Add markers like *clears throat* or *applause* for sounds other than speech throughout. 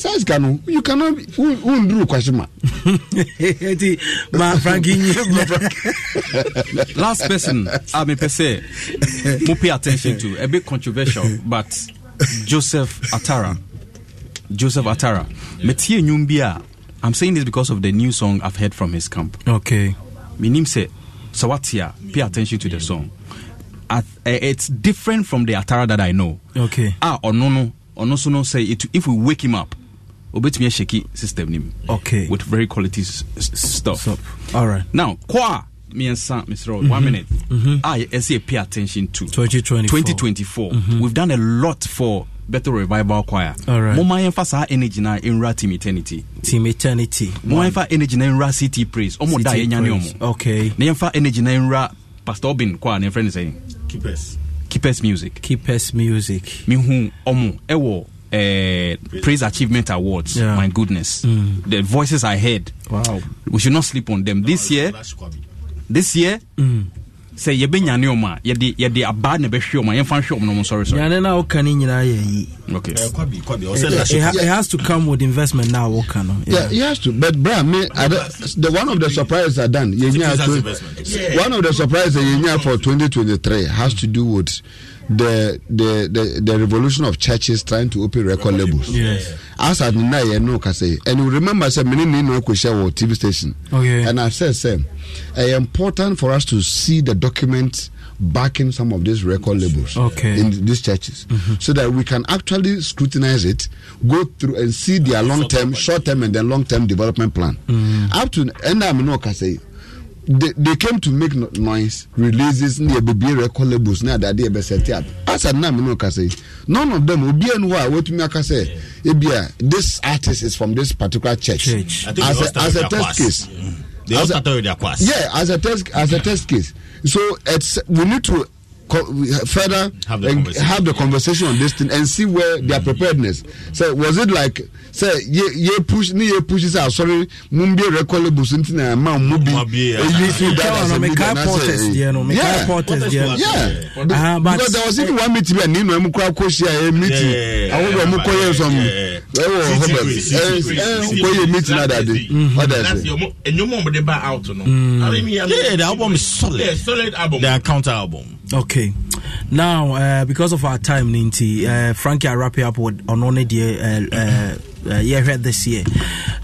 saa sika no you cannot Who kwasima nti *laughs* ma franki nye *laughs* last person a mepɛ sɛ mo pay attention to a bit controversial but joseph atara joseph atara metie nnwom bi a i'm saying this because of the new song i've heard from his camp okay menim sɛ sɛ wate pay attention to the song At, uh, it's different from the atara that i know okay ah or no no so no say it, if we wake him up obetumi ahyɛki system nim okay with very quality stuff Stop. all right now kɔ a mmiɛnsa mesrɛ mm mm-hmm. one minute mm-hmm. a ah, ɛsɛ pay attention to 2024, 2024. Mm-hmm. we've done a lot for better revival choir All right. Mo moma yɛmfa saa energy na ɛnwura team eternity team eternity moma yɛmfa energy na ɛnwura city praise Omo da yɛnya ne ɔmo okay Ne yɛmfa energy na ɛnwura pastor bin choir ne friend saying keepers keepers music keepers music mehu ɔmo ɛwɔ uh, Praise Achievement Awards. Yeah. My goodness, mm. the voices I heard. Wow, we should not sleep on them. No, this year, this year. Mm. sɛ yɛbɛnya ne ɔma yɛde yɛde abaa na bɛhwɛ ɔma yɛmfa nhwɛ ɔm no m sorry sorry nyane na woka ne nyinaa yɛ yi okay eh, It, has to come with investment now woka no yeah. yeah has to but bra me the one of the surprises are done yɛnya one of the surprises yɛnya for 2023 has to do with the the the the revolution of churches trying to open record labels. Yes. As I nina ye no kase. And you remember I said many no kusha wo TV station. Okay. Oh, and I said same. Eh, it's important for us to see the documents backing some of these record labels okay. in these churches mm-hmm. so that we can actually scrutinize it, go through and see their long term, short term and their long term development plan. Mm-hmm. Up to and I no kase they, they came to make noise releases ni yɛ bebree record labels ne adade yɛ bɛ sɛte up asa nam ne kasa yi none of them obi enu a wetumi aka sɛ ebi a this artist is from this particular church, church. as a mm. as a test case. Yeah. They all started with their class. Yeah, as a test as a test case. So it's we need to co- further have the, conversation. have the conversation on this thing and see where mm-hmm. their mm. preparedness. So was it like say ye ye push ni ye push is our sorry mumbi recallable something na ma mubi you see that as a media and say yeah yeah, yeah. Uh-huh, but because there was even one meeting and Nino Mukra Koshi a uh, meeting. I wonder Mukoye some Oh, Mukoye eh, eh, meeting that day. Mm-hmm. That's your and your mom they buy out no. Mm. I mean yeah the album is solid. Yeah, solid album. The counter album. Okay. Now, uh, because of our time, Ninti, uh, Frankie, I wrap you up with on one day, uh, yeah, heard this year.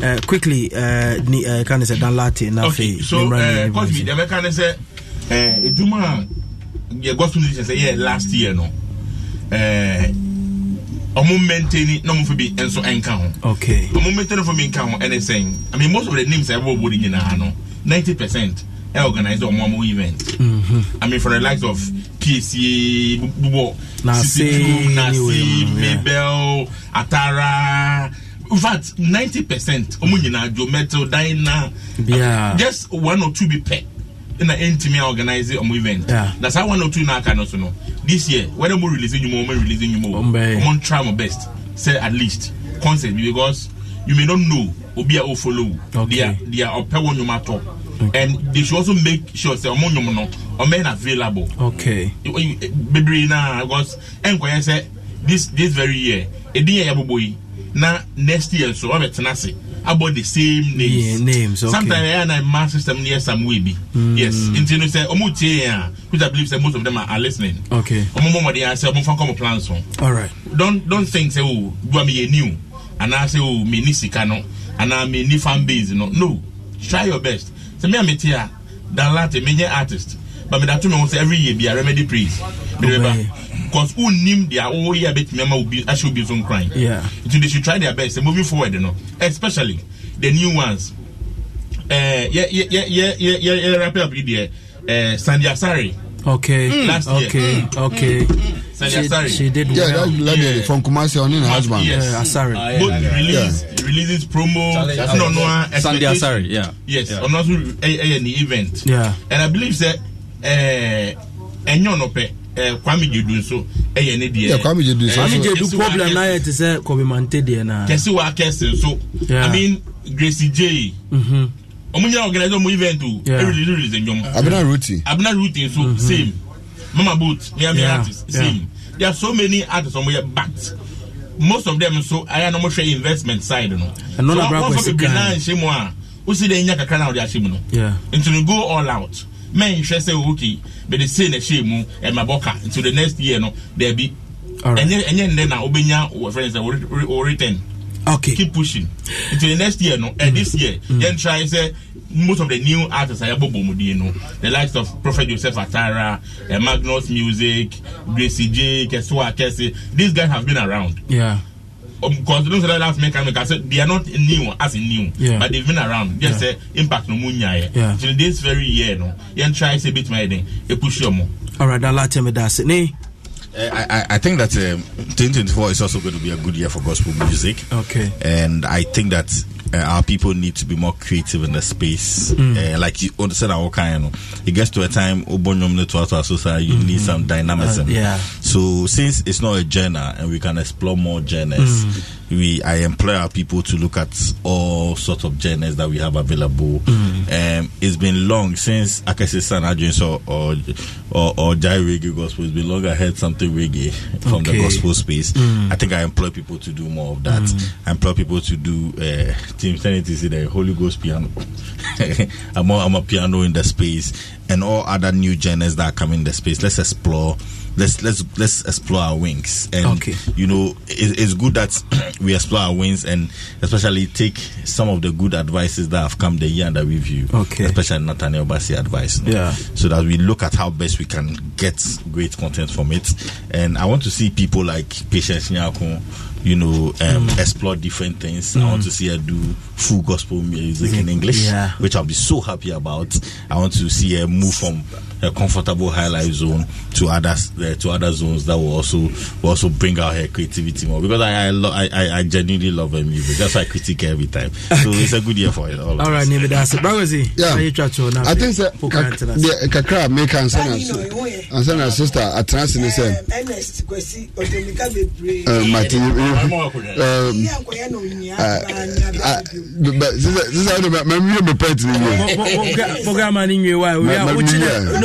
Uh, quickly, uh, ni, uh, can I say, Dan Latte, and Okay, so, uh, Cosby, the American is a uh, Juma, the gospel musician say, yeah, last year, no. Uh, ɔmo maintain no ɔmo for be and so ho. okay ɔmo maintain for mi nka ho ɛna sɛn i mean most of the names ɛbɔ bɔ de nyinaa no ninety percent ẹ organize ọmọ ọmọ event mhm. i mean for the likes of pca bubọ ccq nasi mabel atara in fact ninety percent ọmọ nyinaa jo metal dina just one or two be pẹ na ntumi a organize ọmọ event yeah. na saa one or two na aka no so no this year whether mo release nyuma o mo release nyuma o ọmọ n try my best say at least concert because you may not know obi a o follow okay. dia dia ọpẹ wọn nyuma tọ. okay. and they should also make sure say ọmọ nyom no ọmọ available. okay. Eh, bebree naa because ẹnkọyẹ sẹ this this very year edi yẹn yabobo yi na next year so ọmọ tena ase about the same names. Yeah, names okay. sometimes ẹyà na mass system near some way be. Mm. yes Until you say, ọmọ tie yẹn which i believe say most of them are, are listening. okay. ọmọ mọ ọmọdé yẹn sẹ ọmọ fan kọmọ plans wọn. all right. Don't don't think say o oh, do am and I say, oh, mi ni sika no anaa mi ni fan base no no try your best. sɛ me a mete a da latin menyɛ artist but me da to me ho sɛ every year bi a remedy praise mebɛba because wonnim deɛ woyɛ a bɛtumi ama ahyɛ obi so Yeah. nti they should try their best moving forward no especially the new ones yɛrape up yi deɛ sandi asare Okay. Mm. Last okay. Year. Mm. Okay. Mm. mm, mm, mm. She, she did well. Yeah, that lady yeah. from Kumasi, her husband. Yes. Yeah, Asari. Uh, yeah, Both yeah. released. Yeah releases promo. No, no, Sunday Asari, yeah. Yes, yeah. also in the event. Yeah. And I believe that ɛnyɛ no pɛ kwame gyedu nso ɛyɛ ne deɛ kwame gyedu nso kwame gyedu problem na yɛ te sɛ kɔbimante deɛ na kɛse wa Kesi so. i mean gracie j ɔmo mm-hmm. nyinaa organize ɔmo event o ɛrelease release ɛnyɔm abena ruti abena ruti So mm-hmm. same mama boot Me miami artist same there are so many artists ɔmo yɛ backed most of them nso ayɛ na wɔhwɛ investment side no ɛno na bra kɔ sika na nhyɛ mu a wosi dɛ nya kakra na wɔde ahyɛ mu no nti go all out mɛnhwɛ sɛ oh, okay bɛde sei na hyɛ mu ɛma bɔka nti the next year no daabi ɛnyɛ ɛnyɛ nnɛ na wobɛnya wɔfrɛ sɛ wɔretɛn okay keep pushing nti the next year no ɛ mm. this year yɛn mm. try sɛ most of the new artists ayabo bomudi no the likes of prophet joseph atara uh, magnus music gracie j kesua kesi these guys have been around. Yeah. because those other last men I said they are not new as in new, yeah. but they've been around. Just yeah. say impact no munya. Yeah. So this very year, no, you try a bit my thing. Eh, push your more. All right, I'll tell me that's eh, it. Nee. I, I think that um, 2024 is also going to be a good year for gospel music. Okay. And I think that uh, our people need to be more creative in the space. Mm. Uh, like you understand our kind, it gets to a time oh, to you mm-hmm. need some dynamism. Uh, yeah. So since it's not a genre and we can explore more genres. Mm we I employ our people to look at all sorts of genres that we have available. Mm. Um, it's been long since Akase San Adrian or or or Jai Reggae Gospel. It's been long I heard something reggae from okay. the gospel space. Mm. I think I employ people to do more of that. Mm. I employ people to do uh, Team see the Holy Ghost piano. *laughs* I'm, a, I'm a piano in the space and all other new genres that are coming in the space. Let's explore. Let's let's let's explore our wings, and okay. you know it, it's good that *clears throat* we explore our wings, and especially take some of the good advices that have come the year under review. Okay, especially Nathaniel Bassi advice. Yeah, so that we look at how best we can get great content from it, and I want to see people like Patience Nyako you know, um, mm. explore different things. Mm. I want hmm. to see her do full gospel music in English, yeah. which I'll be so happy about. I want to see her move from a comfortable highlight zone to other uh, to other zones that will also will also bring out her creativity more because I I, lo- I, I genuinely love her music that's why I critique every time so it's a good year for it all, all right Nimi that's it Brawazi yeah I think so kakra make answer answer na sister atrans ni sɛ Ernest Kwesi Odemika bebree Martin sisan sisan mɛ mi ye mɛ pɛnti ni ye. programme ni nwi wa o y'a o ti dɛ.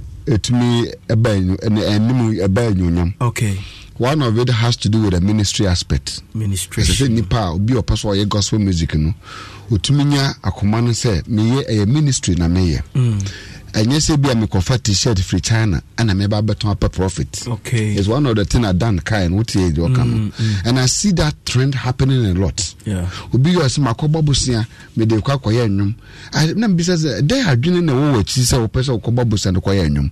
ɛtumi ɛnim ɛbɛ Okay. one of it has to do with the ministry aspect Ministry. ɛsɛ sɛ nnipa a obi ɔpɛ sɛ ɔyɛ gospel music no ɔtumi nya akoma no sɛ meyɛ ɛyɛ ministry na meyɛ mm ɛnyɛ sɛ bi a mekɔfa t-shirt firi china ana meba bɛtɔn apɛ profit okay. is one of the thing adan kae no wotie deɛ ɔka no and i see that trend happening a lot obi yɛ sɛ makɔbɔ bosea mede kɔ akɔyɛ nnwom na mbisa sɛ dɛ adwene na wowɔ akyi sɛ wopɛ sɛ wokɔbɔ bosea no kɔyɛ nnwom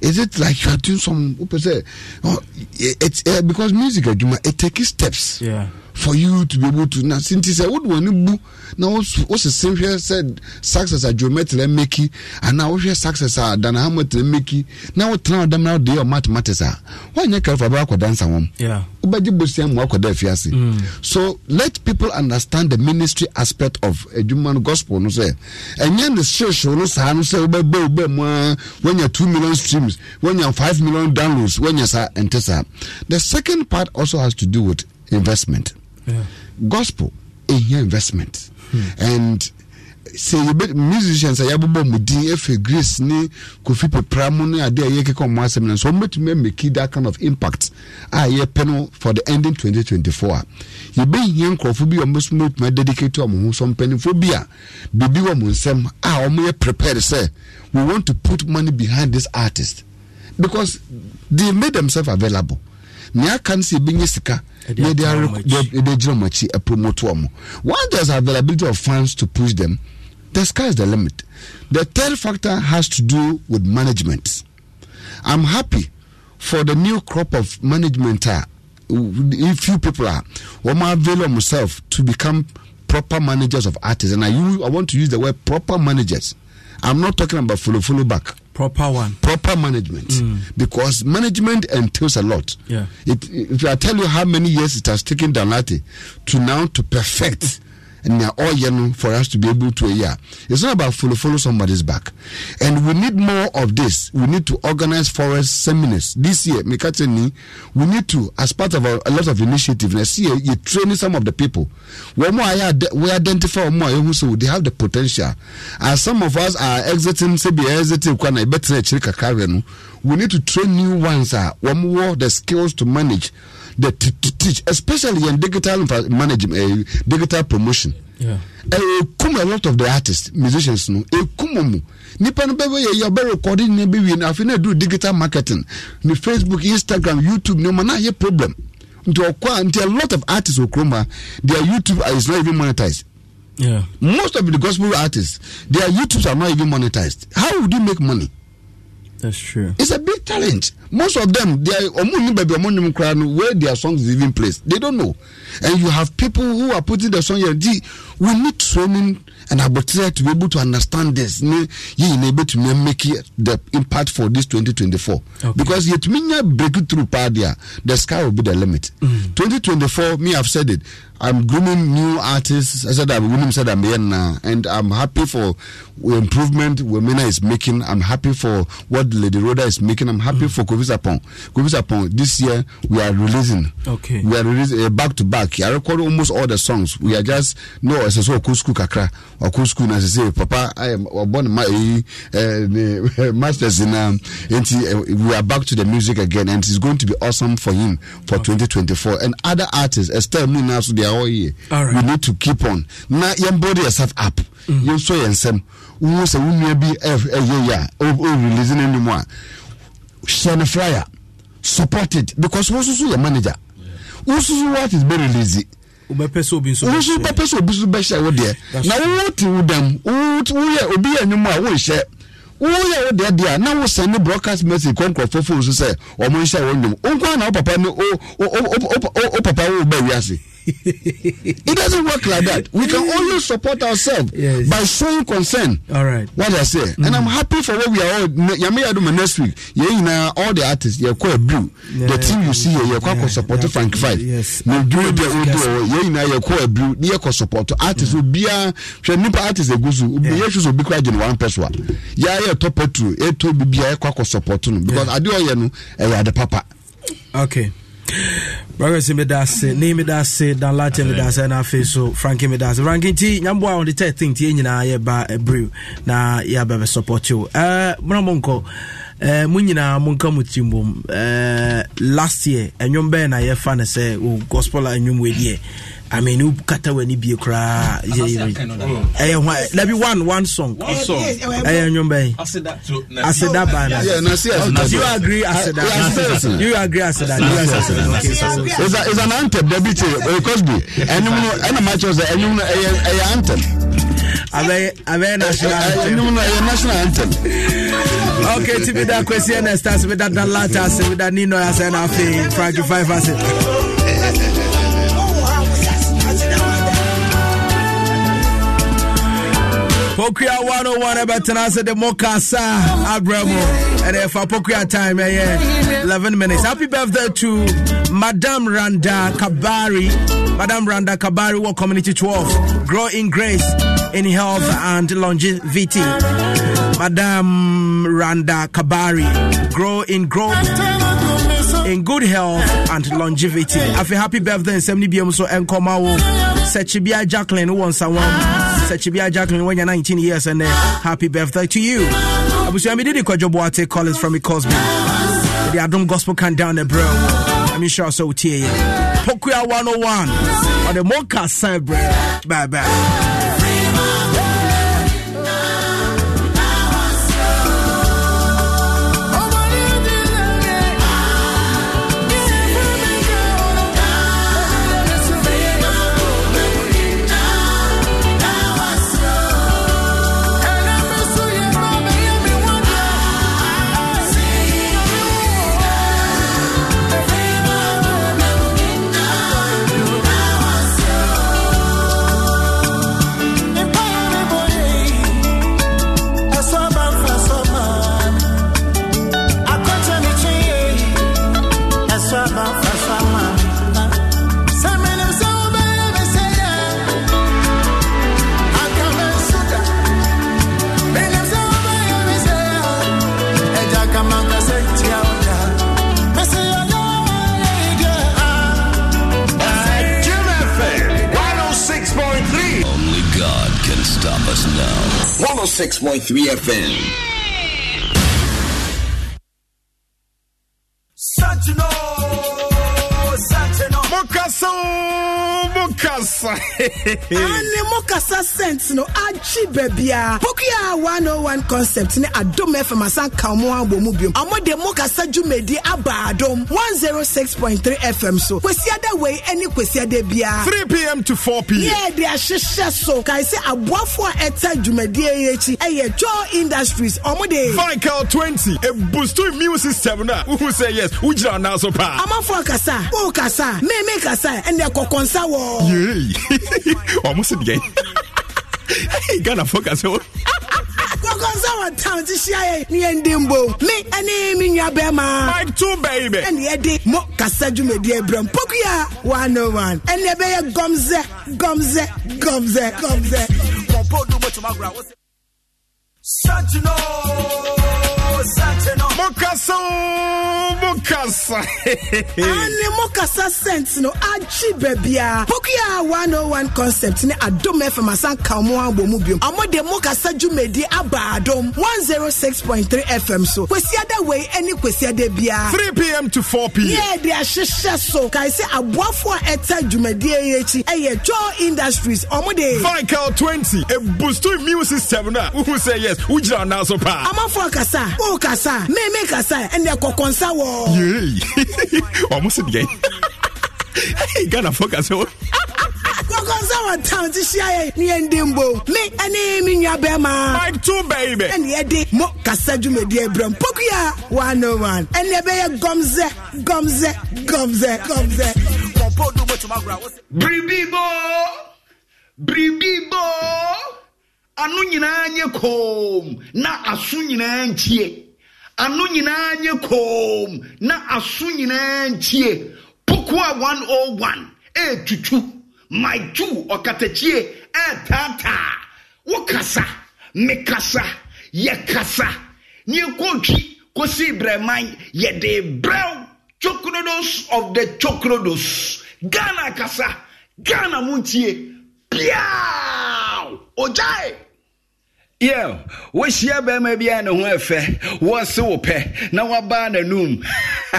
is it like you are doing some wopɛ sɛ oh, it, uh, because music adwuma eh, it takes steps yeah for you to be able to na sinti sɛ wode wɔne bu na wosese hwɛ sɛ success a geometry meki anaa wohwɛ success a dana hamilton meki na wotena ɔdamna wode yɛ mathematics a woanyɛ kɛrɛfo abɛ akɔda nsa wɔm wobɛgye bosia mu akɔda afiase so let people understand the ministry aspect of adwuma gospel no sɛ ɛnyɛ ne hyehyew no saa no sɛ wobɛbɛ wobɛ mu a woanya 2 million streams woanya 5 million downloads woanya saa ɛnte saa the second part also has to do with investment mm. Yeah. Gospel in your investment. Hmm. And you bet musicians say yɛabobɔ mu din ɛfɛ grace ne kofi pepra mu ne ade a yɛkeka ɔmo asɛm no nso ɔmobɛtumi amaki that kind of impact a peno for the ending 2024 a yɛbɛhia nkurɔfo bi ɔmo dedicate to ho so mpanimfoɔ Bibi a biribi wɔ a ɔmo yɛ prepared say we want to put money behind this artist because they made themselves available nea aka no sɛ yɛbɛnya they they gyina wɔn akyi promote wɔn once there is availability of funds to push them the sky is the limit the third factor has to do with management i'm happy for the new crop of management a uh, few people are wɔn avail myself to become proper managers of artists and I, use I want to use the word proper managers i'm not talking about follow follow back. proper one proper management mm. because management entails a lot yeah it, if i tell you how many years it has taken danati to now to perfect *laughs* nea ɔyɛ no for us to be able to yeah it's not about follow follow somebody's back and we need more of this we need to organize forest seminars this year mekatani we need to as part of our, a lot of initiative na see you training some of the people wɔn mu a we identify wɔn mu a yɛhu so they have the potential as some of us are exiting sebi exiting kwan na ɛbɛtena akyire kakra no we need to train new ones a wɔn wɔ the skills to manage. the t- to teach, especially in digital management, uh, digital promotion. Yeah. Uh, eh, come a lot of the artists, musicians, no. Ekumumu. Eh, Nipa Nipan bebe ye ya be recording ne be win. Afina do digital marketing. Ni Facebook, Instagram, YouTube, no man ye problem. Nti okwa nti a lot of artists okroma, their YouTube is not even monetized. Yeah. Most of the gospel artists, their YouTubes are not even monetized. How would you make money? That's true. It's a big challenge. Most of them, they are where their songs is even placed. They don't know. And you have people who are putting the song here. we need training and ability to be able to understand this You yìí na ebetumi make the impact for this 2024 okay. because yẹtumi break breakthrough through, there the sky will be the limit mm. 2024 me i've said it i'm grooming new artists i said i'm grooming said i'm here now and i'm happy for improvement wemena is making i'm happy for what lady rhoda is making i'm happy mm. for kofi sapon this year we are releasing okay we are releasing uh, back to back i record almost all the songs we are just no ɛsɛ sɛ ɔkɔ sukuu kakra ɔkɔ sukuu na sɛsɛ papa ɔbɔ ne ma eyi ɛɛ *laughs* masters na nti we are back to the music again and it's going to be awesome for him for okay. 2024 and other artists estelle mu nyinaa so they are all here we need to keep on na yɛn body yourself up mm. yɛn so yɛn nsɛm wo sɛ wo nua bi ɛyɛ yɛ a ɔrelease no anim a hyɛ no flyer support it because wo soso yɛ manager wo soso what is bɛ release wobɛpɛ sɛ obi nso bɛhyɛ wo deɛ na wowɔ te wo dam woyɛ obi yɛ nnwom a wonhyɛ woyɛ wo deɛ deɛ a na wosɛn ne broadcast message kɔ nkurɔfoɔ fo so sɛ ɔmo nhyɛ wɔn nnwom wo nkwa na wo papa ne wo papa wo ba wiase it doesn't work like that. We can only support ourselves yes. by showing concern. All right. What I say. Mm. And I'm mm. happy for what we are all. Yami Aduma next week. Yeah, all the artists, you're quite blue. Yeah, the team you see here, you're quite yeah, support Frank Five. Yes. No, do it. Yeah, you're quite blue. You're quite support. Artists will be a. Uh, she nipa artists a guzu. Yeah, she will be quite in one person. Yeah, yeah, top two. Yeah, to be a quite support. Because I do all you know, the papa. Okay. brɛwɛsi medase ne medase danlache medase ɛna afei so franki medase franki nti nyamboa wɔde tɛte nti nyinaa yɛba abrew e, na yɛabɛbɛ support o eh, mona monkɔ eh, mo nyinaa monka mo ti mbom eh, last year ɛnwom e bɛɛ na yɛfa no sɛ gospel a ɛnwom wediɛ I mean, you cut amene wokata w'ani bie yeah. ɛyɛ dabi one one song One song. Eh, eh, eh. I I that. ɛyɛ nwom bɛn aseda bana you agree I aseda you agree I that. aseda It's an anthem dabi te cosby any no Any, makyɛ sɛ ɛnum no ɛyɛ anthem abɛyɛ national anthem ok tibi da kwesi ɛna stars bi da dan lata ase bi da nino ase na afei frankie five ase Pokria 101 ɛbɛtena ase de mo Abramo. And mu ɛnɛ Pokria time yeah, 11 minutes happy birthday to Madam Randa Kabari Madam Randa Kabari wɔ community 12 grow in grace in health and longevity Madam Randa Kabari grow in growth in good health and longevity. Have a happy birthday and 70 BM so Enkoma wo. Sechibia Jacqueline who wants someone. Sechibia Jacqueline when you're 19 years and uh, happy birthday to you. I'm I'm Abusu Amididi call it from Cosby. The Adam Gospel can down the bro. I am sure so tea. Pokuya 101 on the Monka side bro. Bye bye. ane mo kasa talent no agye baabia pokia 101 concept ne adom fm asanka ɔmo abɔ mu biom ɔmo de mo kasa dwumadi aba adom 106.3 fm so kwasiada wei ne kwasiada biara 3 pm to 4 pm yɛ de ahyehyɛ so kae sɛ aboafo a ɛta dwumadie yi akyi ɛyɛ joe industries ɔmo de vical 20 ebusto immune system no a wohu sɛ yes wogyina ɔnaa so paa amafo akasa wokasa meme kasa ɛnɛ kɔkɔnsa wɔ yei *laughs* ɔmo so deɛ Ghana focus. Oh. kɔkɔnsa wɔ town ti hyia yɛ ni yɛn den bo mi ɛni mike tún bɛyi bɛ. ɛni ɛdi mo kasa dwumadie brɛ mpokuya one oh one ɛni ɛbɛ yɛ gɔmzɛ gɔmzɛ mokasa o mokasa. ɛne mokasa scent no agye baabiara pokia 101 concept ne adom fm asanka ɔmo abɔ mu biom ɔmo de mokasa dwumadi aba adom 106.3 fm so kwasiada wei ne kwasiada biara 3 pm to 4 pm yɛ de ahyehyɛ so kae sɛ aboafoɔ a ɛta dwumadie yi akyi ɛyɛ joy industries ɔmo de vical 20 ebusto immune system no a wohu sɛ yes wogyina ɔnaa so paa amafoɔ kasa o mu kasa meme kasa ɛnɛ kɔkɔnsa wɔ. yee *laughs* ɔmo si deɛ ghana fɔ kasa wɔ. kɔkɔnsa wɔ town ti hyia yɛ ni yɛn den bo mi ɛni mi nua bɛɛ ma. mike tún bɛyi bɛ. ɛni yɛ di mo kasa dwumadie brɛ mpokuya one oh one ɛni yɛ bɛ yɛ gɔmzɛ gɔmzɛ gɔmzɛ gɔmzɛ. biribibo biribibo ano nyinaa nye koom na aso nyinaa nkyie. ano nyinaa nyɛ koom na aso nyinaa ntie poko a 101 ɛɛtutu maitwu ɔkatakyie ɛɛtaataa wokasa mekasa yɛkasa ne yɛkɔɔtwi kɔsii brɛman yɛde brɛw chokrodos of the chokrodos ghana kasa ghana mu ntie piaw ogyae yɛ wohyia bɛrima bi a ne ho ɛfɛ wɔse wo pɛ na wabaa n'anum *laughs*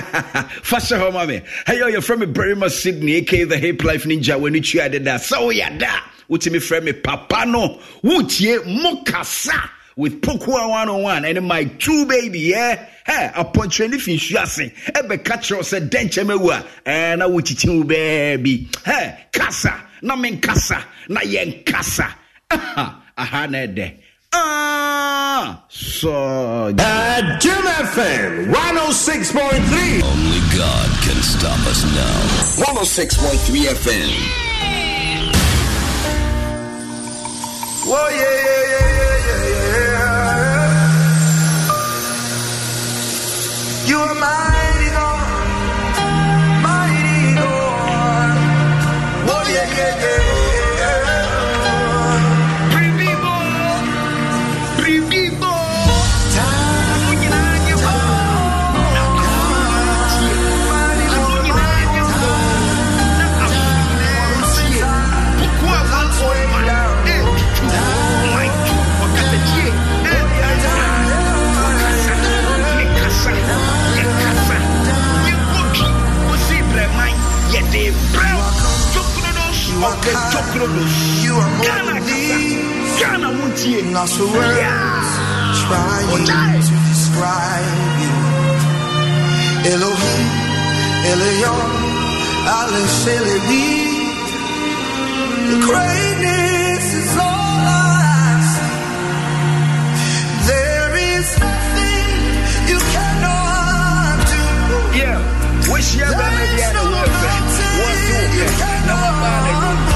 fa hyɛ hɔ ma me ɛyɛ yɛfrɛ me barima sydney aka the hip life ninja w'ani tua deda sɛ woyɛ da wotumi frɛ me papa no wotie mo kasa with Pokua 101 and my two baby, yeah. Hey, punch upon training fin shuasi, ebe catcher said denche mewa, and I would two baby. Hey, kasa, na men kasa, na yen kasa. *laughs* Aha, aha, na de. Ah, so At Jim FM 106.3. Only God can stop us now. 106.3 FM. Whoa, oh, yeah, yeah, yeah, yeah, yeah. You are mine. describe The is all I see. There is nothing you cannot do. Yeah, wish you ever had a word. What's your name? Number five,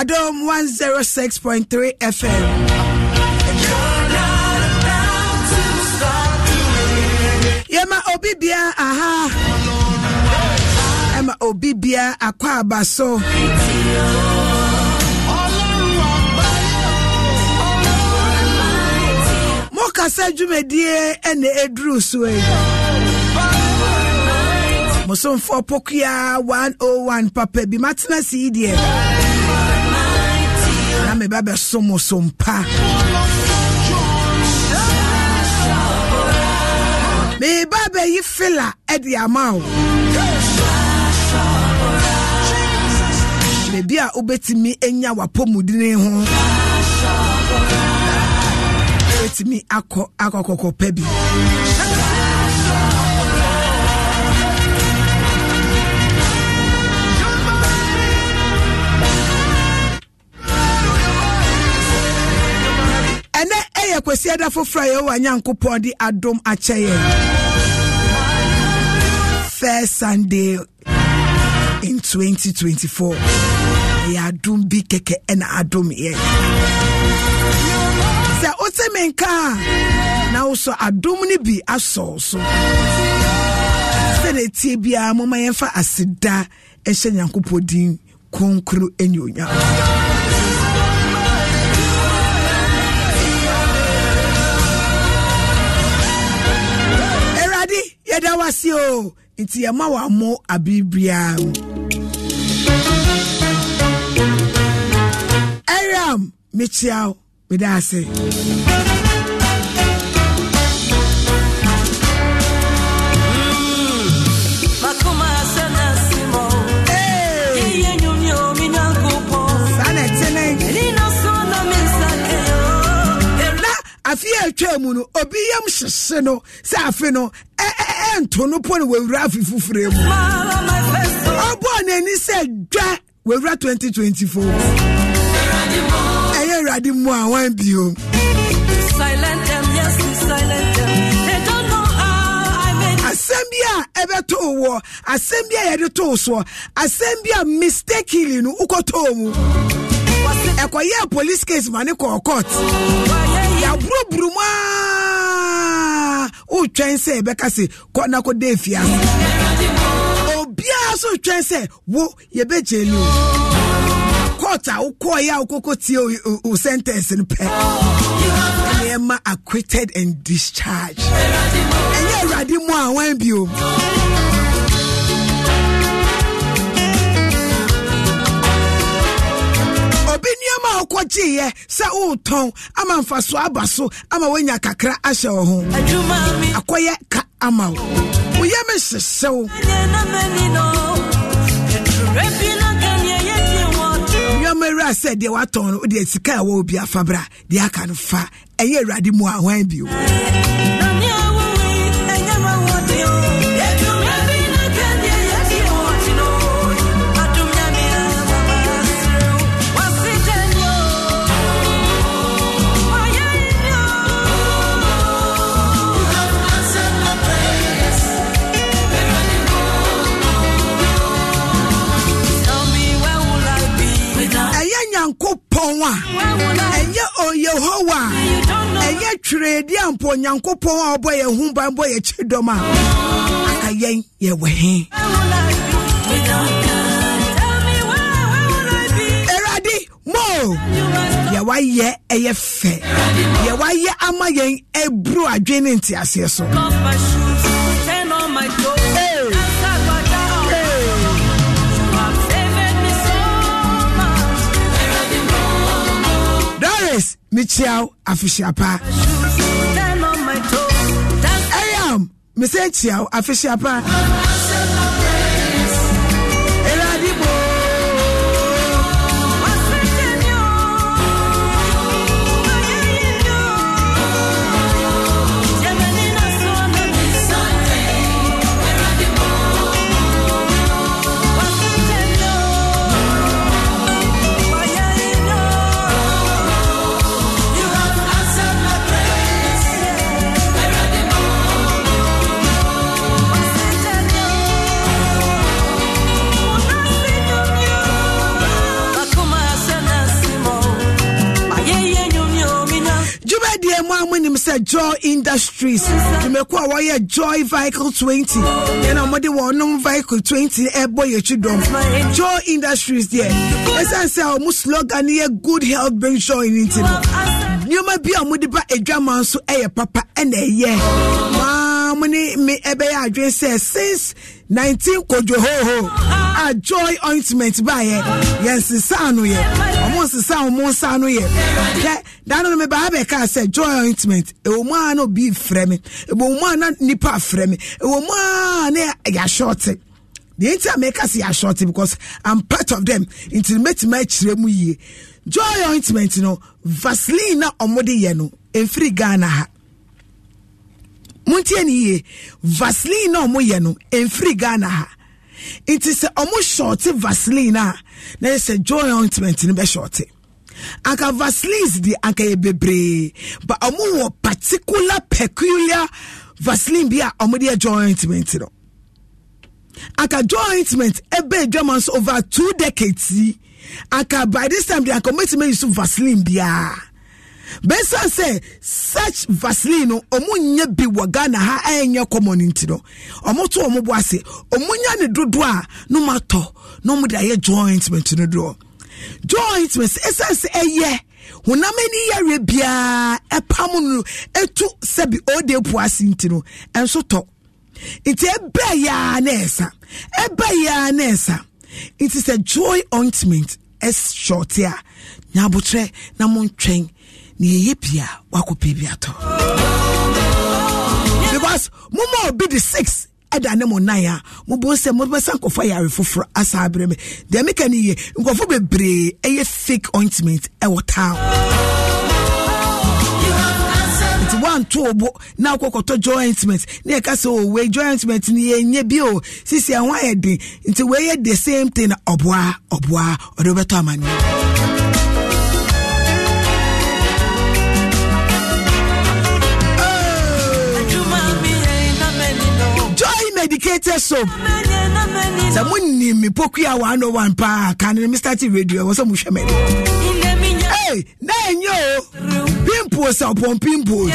Adom 106.3 FM. Yema obi bia aha. Ema Obibia, akwa abaso. Mokasa dwumadie ɛna eduru so yi. Musomfoɔ pokua 101 papa bi matena si yi deɛ. Me meba bɛsom sompa meba bɛyi fila de ama wo baabi a wobɛtumi anya wapɔmudini ho wobɛtumi akɔ akɔkɔkɔpɛ bi ɛyɛ ada foforɔ a yɛwɔ anyankopɔn de adom akyɛ yɛn first sunday in 2024 ɛyɛ adom bi kɛkɛ ɛna adom yɛ sɛ wote me nka a na wo so adom no bi asɔw so sɛdeɛ tie biara momma yɛmfa aseda ɛhyɛ nyankopɔn din kronkro anyonyam yɛda wase o nti yɛma wɔ amo aberebiaa mu ɛram mekyia wo meda afi atwa mu no obi yam hyehye no sɛ afe no e, e, e, nto no po no wɔwura afe foforɔ mu ɔbɔɔ n'ani sɛ dwa wɔwura 2024 ɛyɛ awurade mu a wan bio asɛm bi a ɛbɛtoo wɔ asɛm bi a yɛde too soɔ asɛm bi a mistakenly no wokɔtoo mu ɛkɔyɛɛ police case ma ne kɔɔ court yɛaborɔboro mu a wotwɛn sɛ ɛbɛka se kɔ na kɔda afiase obiara so wotwɛn sɛ wo yɛbɛgye ni o court a wokɔɔyɛ a wokɔkɔtie wo sentence no pɛ ɛma acquitted and discharge ɛnyɛ awurade mu a wan bio bi nneɛma a wokɔgyeeɛ sɛ woretɔn ama mfaso aba so ama woanya kakra ahyɛ wɔ ho akɔyɛ ka ama wo woyɛ me hyehyɛ nneɛma awura sɛ deɛ watɔn no wode sika ɛwɔ obi afa bra deɛ aka no fa ɛyɛ awurade mu a hwan bio onyankopɔn a ɛnyɛ oyehowa ɛnyɛ twerɛdi a mpo onyankopɔn a ɔbɔ yɛn ho ban bɔ yɛ kyi dɔm a ayɛn yɛwɔ he awurade mo yɛwayɛ ɛyɛ fɛ yɛwayɛ ama yɛn aburu adwene nteaseɛ so Grace Michiao Afishiapa. I am Miss Chiao Afishiapa. sɛ joy industries dwumako a wɔyɛ joy vehicle 20 ɛna wɔde wɔnom vehicle 20 ɛbɔ yɛkyi dɔm joy industries deɛ ɛsiane sɛ ɔmo slogan no yɛ good health bring joy no nti no nneɛma bi a wɔde ba adwaman so ɛyɛ papa ɛna ɛyɛ maa mo ne me ɛbɛyɛ adwene sɛ since 19 kodwohoho a joy ointment baeɛ yɛnsesaa no yɛ ɔmo nsesa ɔmo nsa no yɛ hwɛ dano no mi ba abɛka sɛ joy ointment ɛwɔ mu a na obi frɛ mi ɛwɔ mu a na nipa frɛ mi ɛwɔ mu a na yɛahyɛ deɛ nti a mɛka sɛ yɛahyɛ because i'm part of them nti mɛtumi akyerɛ mu yie joy ointment no vaseline na ɔmo de yɛ no mfiri ghana ha montie ne yie vaseline na ɔmo yɛ no mfiri ghana ha nti sɛ ɔmo shɔɔte vaseline a na yɛ sɛ joint ointment no bɛ shɔɔte anka vaselines de anka yɛ bebree but ɔmo wɔ particular peculiar vaseline bi a ɔmo de yɛ joint ointment no anka joint ointment ɛbɛɛ dwama nso over two decades yi anka by this time de anka ɔmo etimi yi so vaseline biara. bɛsan sɛ such vaseline no ɔmo nyɛ bi wɔ ghana ha ɛnyɛ eh, kɔmɔ eh, eh, nti no ɔmo to ɔmo bo ase ɔmo nya ne dodo a no mo atɔ na ɔmo de ayɛ jointment no doɔ jointment ɛsan sɛ ɛyɛ honam ani yɛre biara ɛpam no ɛtu sɛbi ɔde po ase nti no ɛnso tɔ nti ɛbɛ yaa na ɛsa ɛbɛ yaa na nti sɛ joy ointment ɛsɔɔte a nyaabotrɛ na mo ntwɛn na yɛyɛ pii a wakɔ pii bi atɔ because moma obi de six ɛda ne mo nan a mobo sɛ mobɛsa nkɔfa yare foforɔ asa aberɛ me deɛ meka ne yɛ nkɔfo bebree ɛyɛ fake ointment ɛwɔ town wanto obo na akɔkɔtɔ jointment na yɛka sɛ o oh, wei jointment ni yɛnyɛ bi o sisi ɛho ayɛ den nti wei yɛ the same thing ɔboa ɔboa ɔde wobɛtɔ amani. dedicated so sɛ monim me pokua 101 paa ka no mr t radio ɛwɔ sɛ mohwɛ m'ani na ɛnyɛ o pimpos a ɔpɔn pimpos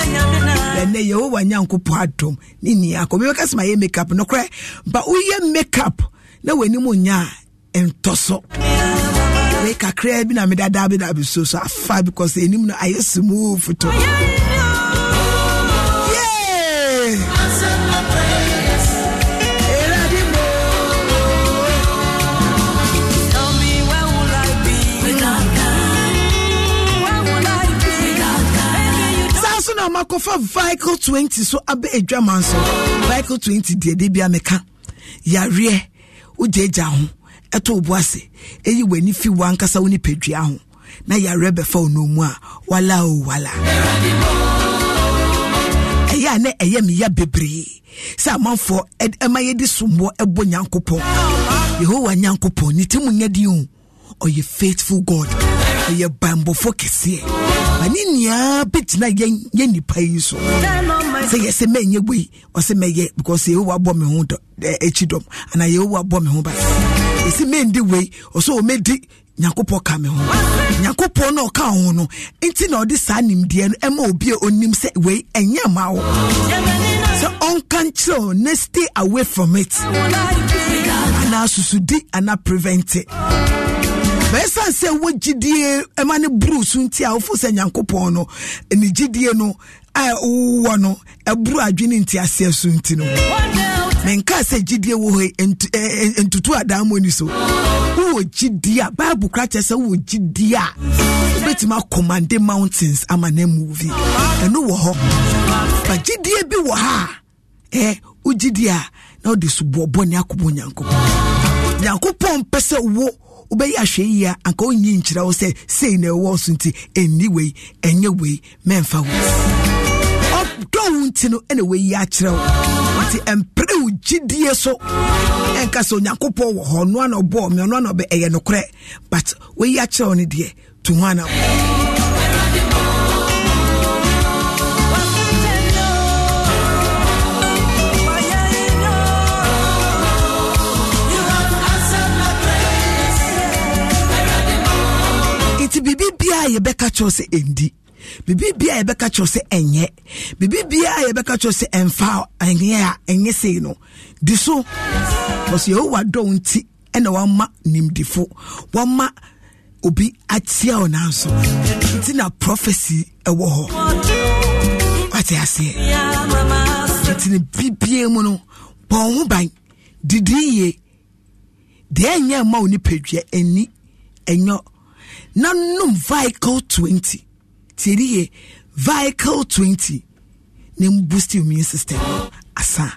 ɛnɛ yehowa nyankopɔn adom ne nia kɔ bɛbɛka sɛ mayɛ makeup nokorɛ ba woyɛ makeup na w'anim nya a ɛntɔ so kakraa bi na medadaa bi da bi so so afa because ɛnim no ayɛ smooth to na makɔfa vehicle 20 so abɛ adwama nso vehicle 20 deɛ de bia meka yareɛ wogyagya ho ɛtɔ wo bo ase ɛyi w'ani fi wankasa wo nipadua ho na yareɛ bɛfa wo nomu a wala o wala ɛyɛ a na ɛyɛ meya bebree sɛ amanfoɔ ɛma yɛde somboɔ ɛbɔ nyankopɔn yehowa nyankopɔn ne timu nyɛ din o ɔyɛ faithful god ɛyɛ bambɔfo kɛseɛ ane nyinaa bɛgyina yɛn yɛn nipa yi so sɛ yɛ sɛ mɛnyɛ wei ɔsɛ mɛyɛ because yehowa bɔ me ho akyi dɔm anaa yehowa bɔ me ho ba ɛsɛ mendi wei ɔsɛ ɔmɛdi nyankopɔn ka me ho nyankopɔn na ɔka ho no nti na ɔde saa nimdeɛ no ɛma obi a onim sɛ wei ɛnyɛ ma wo sɛ ɔnka nkyerɛ ne stay away from it anaa susudi anaa prevent it bɛɛsan sɛ wɔ gyidie ɛma ne buru so nti a wofo sɛ nyankopɔn no ne gyidie no a wowɔ no ɛburu adwene nti aseɛ so nti no menka sɛ gyidie wɔ hɔ ntutu adan mu ani so wowɔ gyidie a bible kora kyerɛ sɛ wowɔ a wobɛtumi akɔmmande mountains ama no amuvi ɛno wɔ hɔ ba gyidie bi wɔ ha a ɛ wogyidie a na wode soboɔbɔne akɔbɔ nyankopɔn nyankopɔn pɛ sɛ wo wobɛyɛ ahwɛ yi a anka wonyi nkyerɛ wo sɛ sei na ɛwɔ so nti ɛnni wei ɛnyɛ wei mɛmfa wo ɔdɔ wo nti no ɛna wɔyi akyerɛ wo nti ɛmpere wo gyidie so ɛnka sɛ onyankopɔn wɔ hɔ ɔno ana ɔbɔɔ me ɔno ana ɔbɛ ɛyɛ nokorɛ but wɔyi akyerɛ wo no deɛ to ho ana a yɛbɛka kyerɛw sɛ ɛndi biribi bia a yɛbɛka kyerɛw sɛ ɛnyɛ biribi bia a yɛbɛka kyerɛw sɛ ɛmfa ɛnyɛ a ɛnyɛ sei no di so bɔsɛ yehowa dɔw nti ɛna wama nimdifo wama obi atia ɔ nanso nti na prophecy ɛwɔ hɔ wate aseɛ nti ne bibie mu no bɔn ho ban didi yie deɛ ɛnyɛ ma wo nipadua ani na nom vehicle twenty. tiɛni yɛ vehicle twenty. na mu boost immune system asa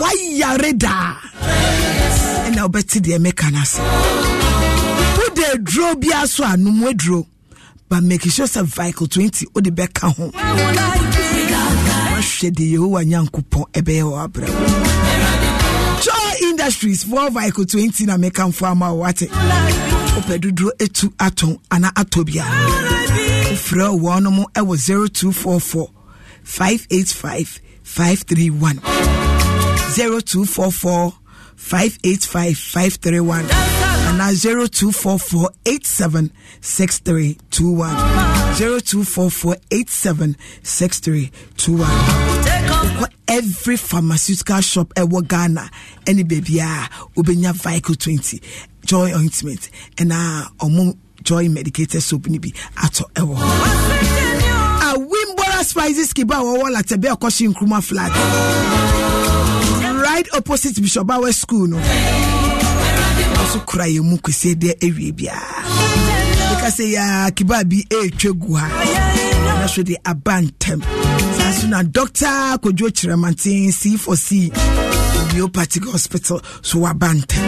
wayare daa ɛna wobɛte deɛ meka no ase wode aduro biara so a nom aduro but make sure sɛ vehicle 20 wode bɛka ho wahwɛ deɛ yehowa nyankopɔn ɛbɛyɛ wɔ abrɛ industries foɔ vehicle 20 na mekamfo ama wo wate wopɛ dodoɔ ɛtu atɔn anaa atɔ bia wofrɛ wɔn no mo ɛwɔ 0244 585 531 0244 585 531 anaa 0244 87 6321 0244 87 6321 every pharmaceutical shop ɛwɔ ghana ɛne baabi a wobɛnya vicle 20 joy ointment ɛna ɔmo uh, joy medicated soap no bi atɔ ɛwɔ hɔ a wimbora spices kiba a wɔwɔ latɛbɛ ɔkɔhye nkruma flat right opposite bishop awa school no so kora yɛ mu kwesi deɛ awie biara ɛka sɛ yɛ kiba bi ɛretwa gu ha nso de aba ntɛm saa so na dɔkta kodwo kyerɛmanten c for c homeopathic hospital so waba ntɛm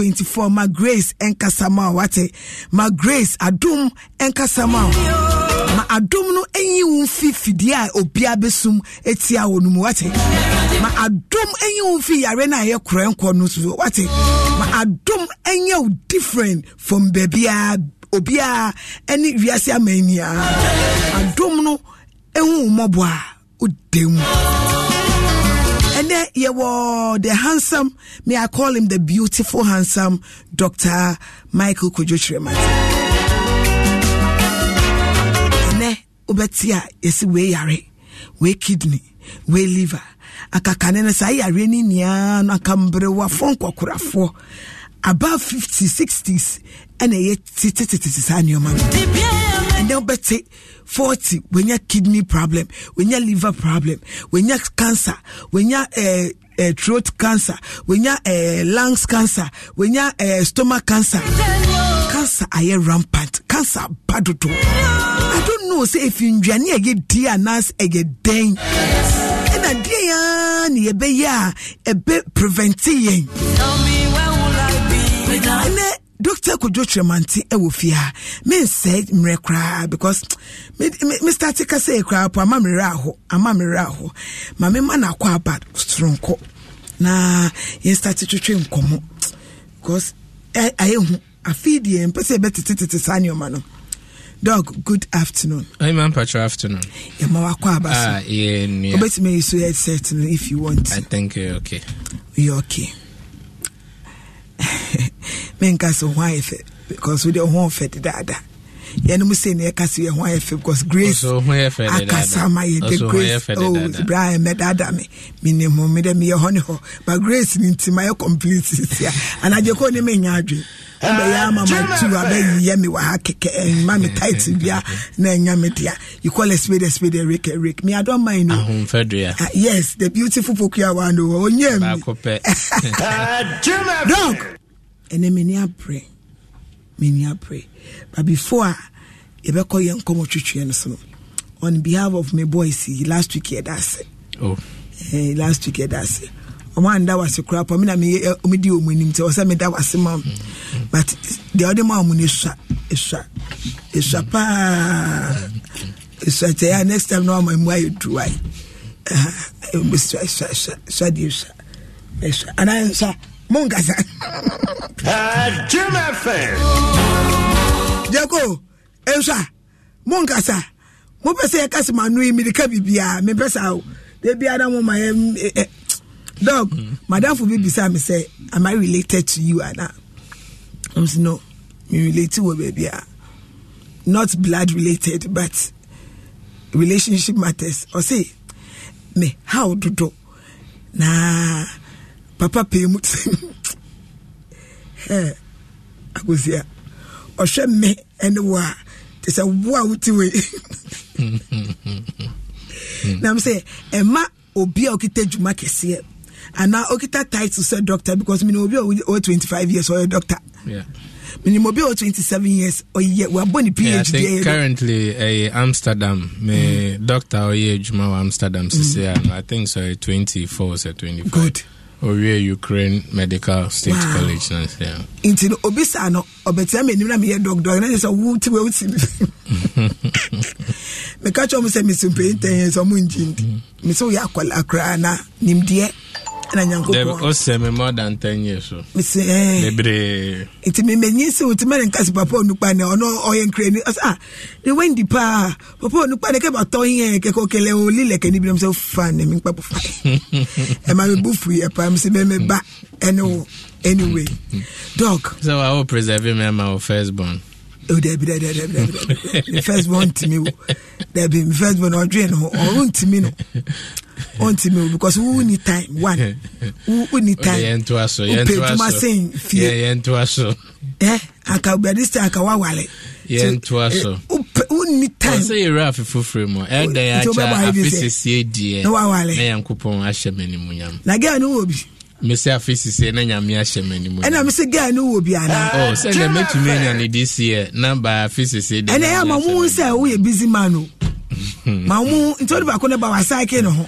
24 ma grace nkasama wate ma grace adum nkasama ma adum no ɛnyi wo mfi fidie a obia bɛsum ɛtia wɔ no mu wate ma adom ɛnyi wo mfi yare na a ɛyɛ korɛnkɔ no so wate ma adom ɛnyɛ wo different from baabiaa obiaa ɛne wiase ama nyinaa adom no ɛhu wo mmɔbɔ a wodɛ dɛ yɛwɔ the handsome may i call him the beautiful handsome dr michael kojotremate Ne, wobɛte a yɛsi yare we kidney we liver akakane no saa yareɛ no nyinaa no akamberewafoɔ nkɔkorafoɔ above 50 60s ɛna ɛyɛ tetetetete saa nneɔma no ɛnɛ wobɛte Forty. 40 wenya kidney problem wenya liver problem wenya cancer wenya uh, eh, uh, eh, throat cancer wenya uh, eh, lungs cancer wenya uh, stomach cancer cancer ayɛ rampant cancer badodo i don't know Say if ndwane a yɛdi anaasɛ ɛyɛ dɛn ɛna deɛ yɛa ne yɛbɛyɛ a ɛbɛ prevente yɛn no dr kojo tremanti ɛwɔ fie ha mensɛe mmerɛ koraa because mr tika sɛ koraa po ama mmerɛ ahɔ ama mmerɛ ahɔ ma mema no akɔ aba soronko na yɛnstate twetwe nkɔmmɔ because ayɛ hu afei deɛ mpɛ sɛ yɛbɛtetetete saa nneɔma no dog good afternoon. Hey, man, Patrick, afternoon. Yeah, ma wakwa Ah, yeah, yeah. Obetime you so headset if you want. I think you're okay. You're okay. *laughs* menka sɛ ho ayɛ fɛ because wode ho fɛ dedaada yɛnom sei ne yɛka sɛ yɛ ho ayɛ fɛ because grace akasa ma yɛde grace brɛ a ɛmɛdaada me menim ho medɛ meyɛ hɔ ne hɔ but grace no nti ma yɛ complete *laughs* sia anagyɛ kɔ ne menya adwene ɛbɛyɛ ama ma ti wa yiyɛ mi wa ha kɛkɛ mma mi tight bia na ɛnya mi dia you call a spade spade rake rake me I don't mind o. Oh. Ah, yes the beautiful pokuya wa no o oh, nye mi. baako pɛ. *laughs* dog ɛnɛ mi ni abere mi ni abere but before a yɛbɛkɔ yɛn nkɔmɔ twitwiɛ no so no on behalf of my boys last week yɛ daase. oh. Eh, last week yɛ daase ɔmo anda wase kora pa mi na mi yɛ ɔmo di ɔmo anim sɛ ɔsɛ mi da wase ma but deɛ ɔde ma ɔmo no esua esua esua paa esua kyɛ ya ah, next time na ɔmo emu ayɛ duru ayi ɛhɛn esua esua esua esua deɛ esua esua anan esua mo nkasa. jim fm. jago esua mo nkasa mo pɛ sɛ yɛ kasi ma nu yi mi de ka bibiara mi pɛ sɛ awo ebi ara mo ma yɛ dog mm. madamfo bi bisa mi sɛ am i related to you ana i'm um, say no me relate wɔ baabi a ah. not blood related but relationship matters ɔsɛ me how dodo na papa pay mu ɛ akosia ɔhwɛ me ɛne wo a te sɛ wo a wote wei nam sɛ ɛma obi a ɔkita dwuma kɛseɛ anaa okita title sɛ doctor because menim obi a twenty five years ɔyɛ doctor yeah. menim obi a twenty seven years ɔyɛ wabɔ ne phd yeah, eh? currently ɛyɛ uh, eh, amsterdam me mm. doctor ɔyɛ adwuma wɔ amsterdam sesea mm. no i think sɛ so, 24 sɛ five. good owie ukraine medical state wow. college na sɛ nti no obi saa no ɔbɛtia m'anim na *laughs* meyɛ dɔgdɔg mm-hmm. na sɛ wote wawusi meka kyɛ m sɛ mesompɛi ntɛn sɛ ɔmo ngyi jindi. me sɛ woyɛ akɔla koraa na nimdeɛ na nyankopɔnɔsɛ more than 10 years so bebree nti memanyi sɛ wɔtumi ne nka se papa onupa ne ɔno ɔyɛ nkrani ɔsɛ a ah, ne wandi paa papa onupa ne kɛbatɔ yɛ kɛkɛ ɔkɛlɛ ɔli lɛkɛ ne binom sɛ fa ne menkpa pofa *laughs* ɛma mebo fui ɛpaa m sɛ mɛmeba ɛne wo anyway dog sɛ wawɔ preserve me ama wo first born o oh, dabi dabi dabi dabi dabi first born ntumi wo dabi first born ɔdwe no ɔwo ntumi no *laughs* ɔntimi o because wo ni time one *laughs* wo *laughs* eh, eh, ni time wopɛ adwuma sen fie ɛ aka obiade sɛ aka wawale wonni timesɛ yɛwura afe foforɔ mu ɛdɛ yɛakyɛ afe sesie deɛ na nyankopɔn ahyɛ m'animunyam na gɛ no wɔ bi mese afe sise na nyame ahyɛ m'animu ɛna mese gaa no wɔ bi ana sɛdeɛ mɛtumi anya ne de siɛ na ba afe sise de ɛnɛ yɛ ama mo sɛ woyɛ busy man o ma mo nti wode baako no ba wasaake ne ho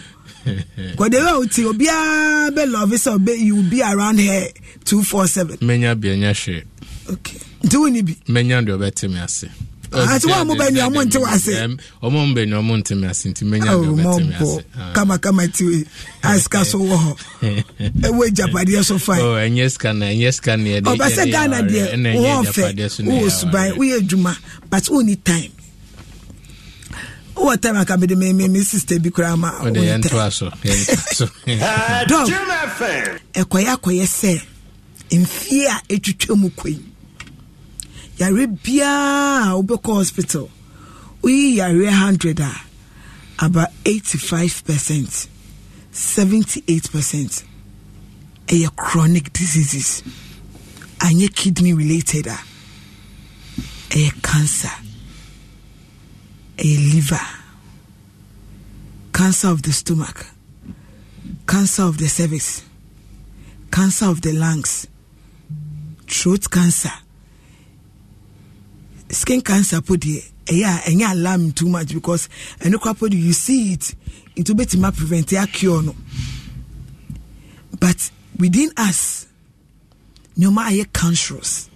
kɔde bɛ oti obiara bɛ lɔfi sɛ ɔbɛ you be around here two four seven. mɛnya bi ɛnya hwɛ. okay ah, nti wo ni bi. mɛnya de ɔbɛ te mi ase. ati wɔn a mo bɛ ni ɔmo nti wase. ɔmo bɛ ni ɔmo nti mi ase nti mɛnya de ɔbɛ te mi ase. kamakama ah. ti we asika *laughs* so wɔ hɔ ewu ejapadeɛ so fain. ɔ oh, ɛnyɛ sika na ɛnyɛ sika na ɛde ɛyɛ oh, ɛyɛ ɔbɛsɛ ghana deɛ wɔn fɛ wɔwɔ suban wɔn ni wowɔ time aka mede me sister bi koraa ma ɛkɔyɛ akɔyɛ sɛ mfie a ɛtwitwa mu kɔi yare biaa wobɛkɔ hospital woyi yare 100 a about 85 percent 78 percent ɛyɛ chronic diseases anyɛ kidney related a ɛyɛ cancer a liver, cancer of the stomach, cancer of the cervix, cancer of the lungs, throat cancer, skin cancer. Put the yeah, and yeah, alarm too much because and look you see it into betima prevent a cure. No, but within us, no matter cancerous,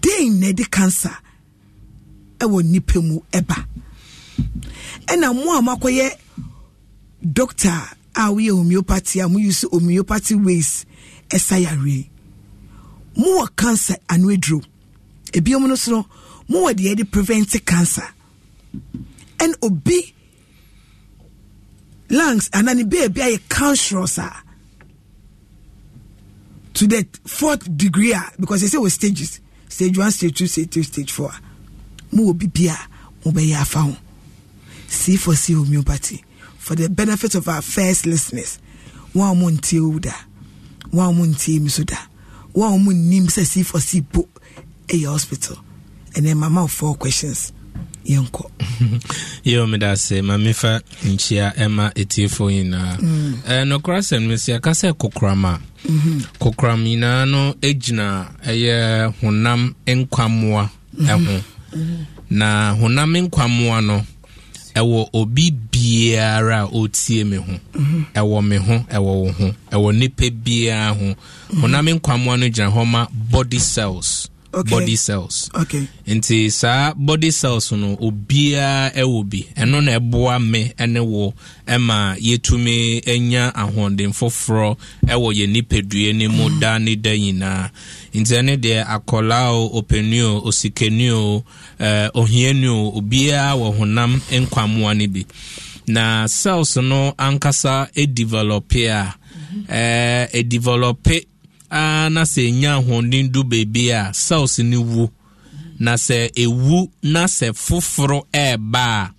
they need the cancer ɛwɔ nipa mu ɛba ɛna mo a makɔyɛ doctor a woyɛ homeopathy a mo use homeopathy ways ɛsa yareɛ mo wɔ cancer ano aduro ebiom no so no mo wɔ deɛ yɛde prevent cancer ɛna obi lungs anaa ne beebi ayɛ cancerous a to the fourth degree a because they say wɔ stages stage one stage two stage three stage four a ma wɔ bibia mobɛyɛ afa ho c for c homeopathy for the benefit of our first listeners wɔn a mo ntie wo da wɔn a mo ntie mi so da wɔn a mo nim sɛ c for c po ɛyɛ hospital ɛnɛ mama wɔ four questions yɛnkɔ *laughs* yɛwɔ meda se, ma mefa nkyia ɛma ɛtiefo nyinaa nokorɛ sɛm no sɛ yɛka sɛ kokoram a mhm. kokoram nyinaa no ɛgyina ɛyɛ honam nkwammoa mhm. ɛho na honam nkwammoa no ɛwɔ obi biara a ɔtie me ho ɛwɔ me ho ɛwɔ wo ho ɛwɔ nnipa biara ho honam nkwammoa no gyina hɔ ma body cells okay. body cells okay. nti saa body cells no obiara ɛwɔ bi ɛno na ɛboa me ɛne wo ɛma yɛtumi anya ahoɔden foforɔ ɛwɔ yɛn nipadua no mu mm. da ne da nyinaa nti ɛne deɛ akɔlaa o opani o osikani o ɛɛ eh, ohiani o obiara wɔ honam nkwamoa no bi na cells no ankasa ɛdevelop a ɛɛ eh, ɛdevelop. E a na sɛ ɛnya ahoɔden du baabi a cells no wu na sɛ ɛwu na sɛ foforɔ ɛɛba a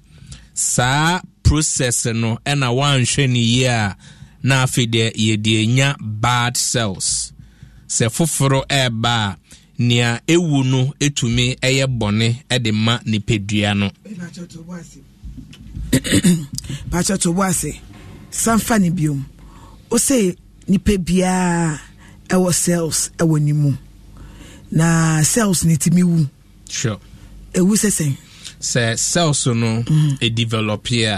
saa process no ɛna wanhwɛ no yie a na afei deɛ yɛde nya bad cells sɛ foforɔ ɛɛba a nea ɛwu no ɛtumi ɛyɛ bɔne ɛde ma nipadua no pakyɛ to bo ase *coughs* samfa ne biom wo sɛ nipa biara ɛwɔ cells ɛwɔ ne mu na cells ne ti mi wu. sure. ewu sɛ cells no ɛdevelop yɛ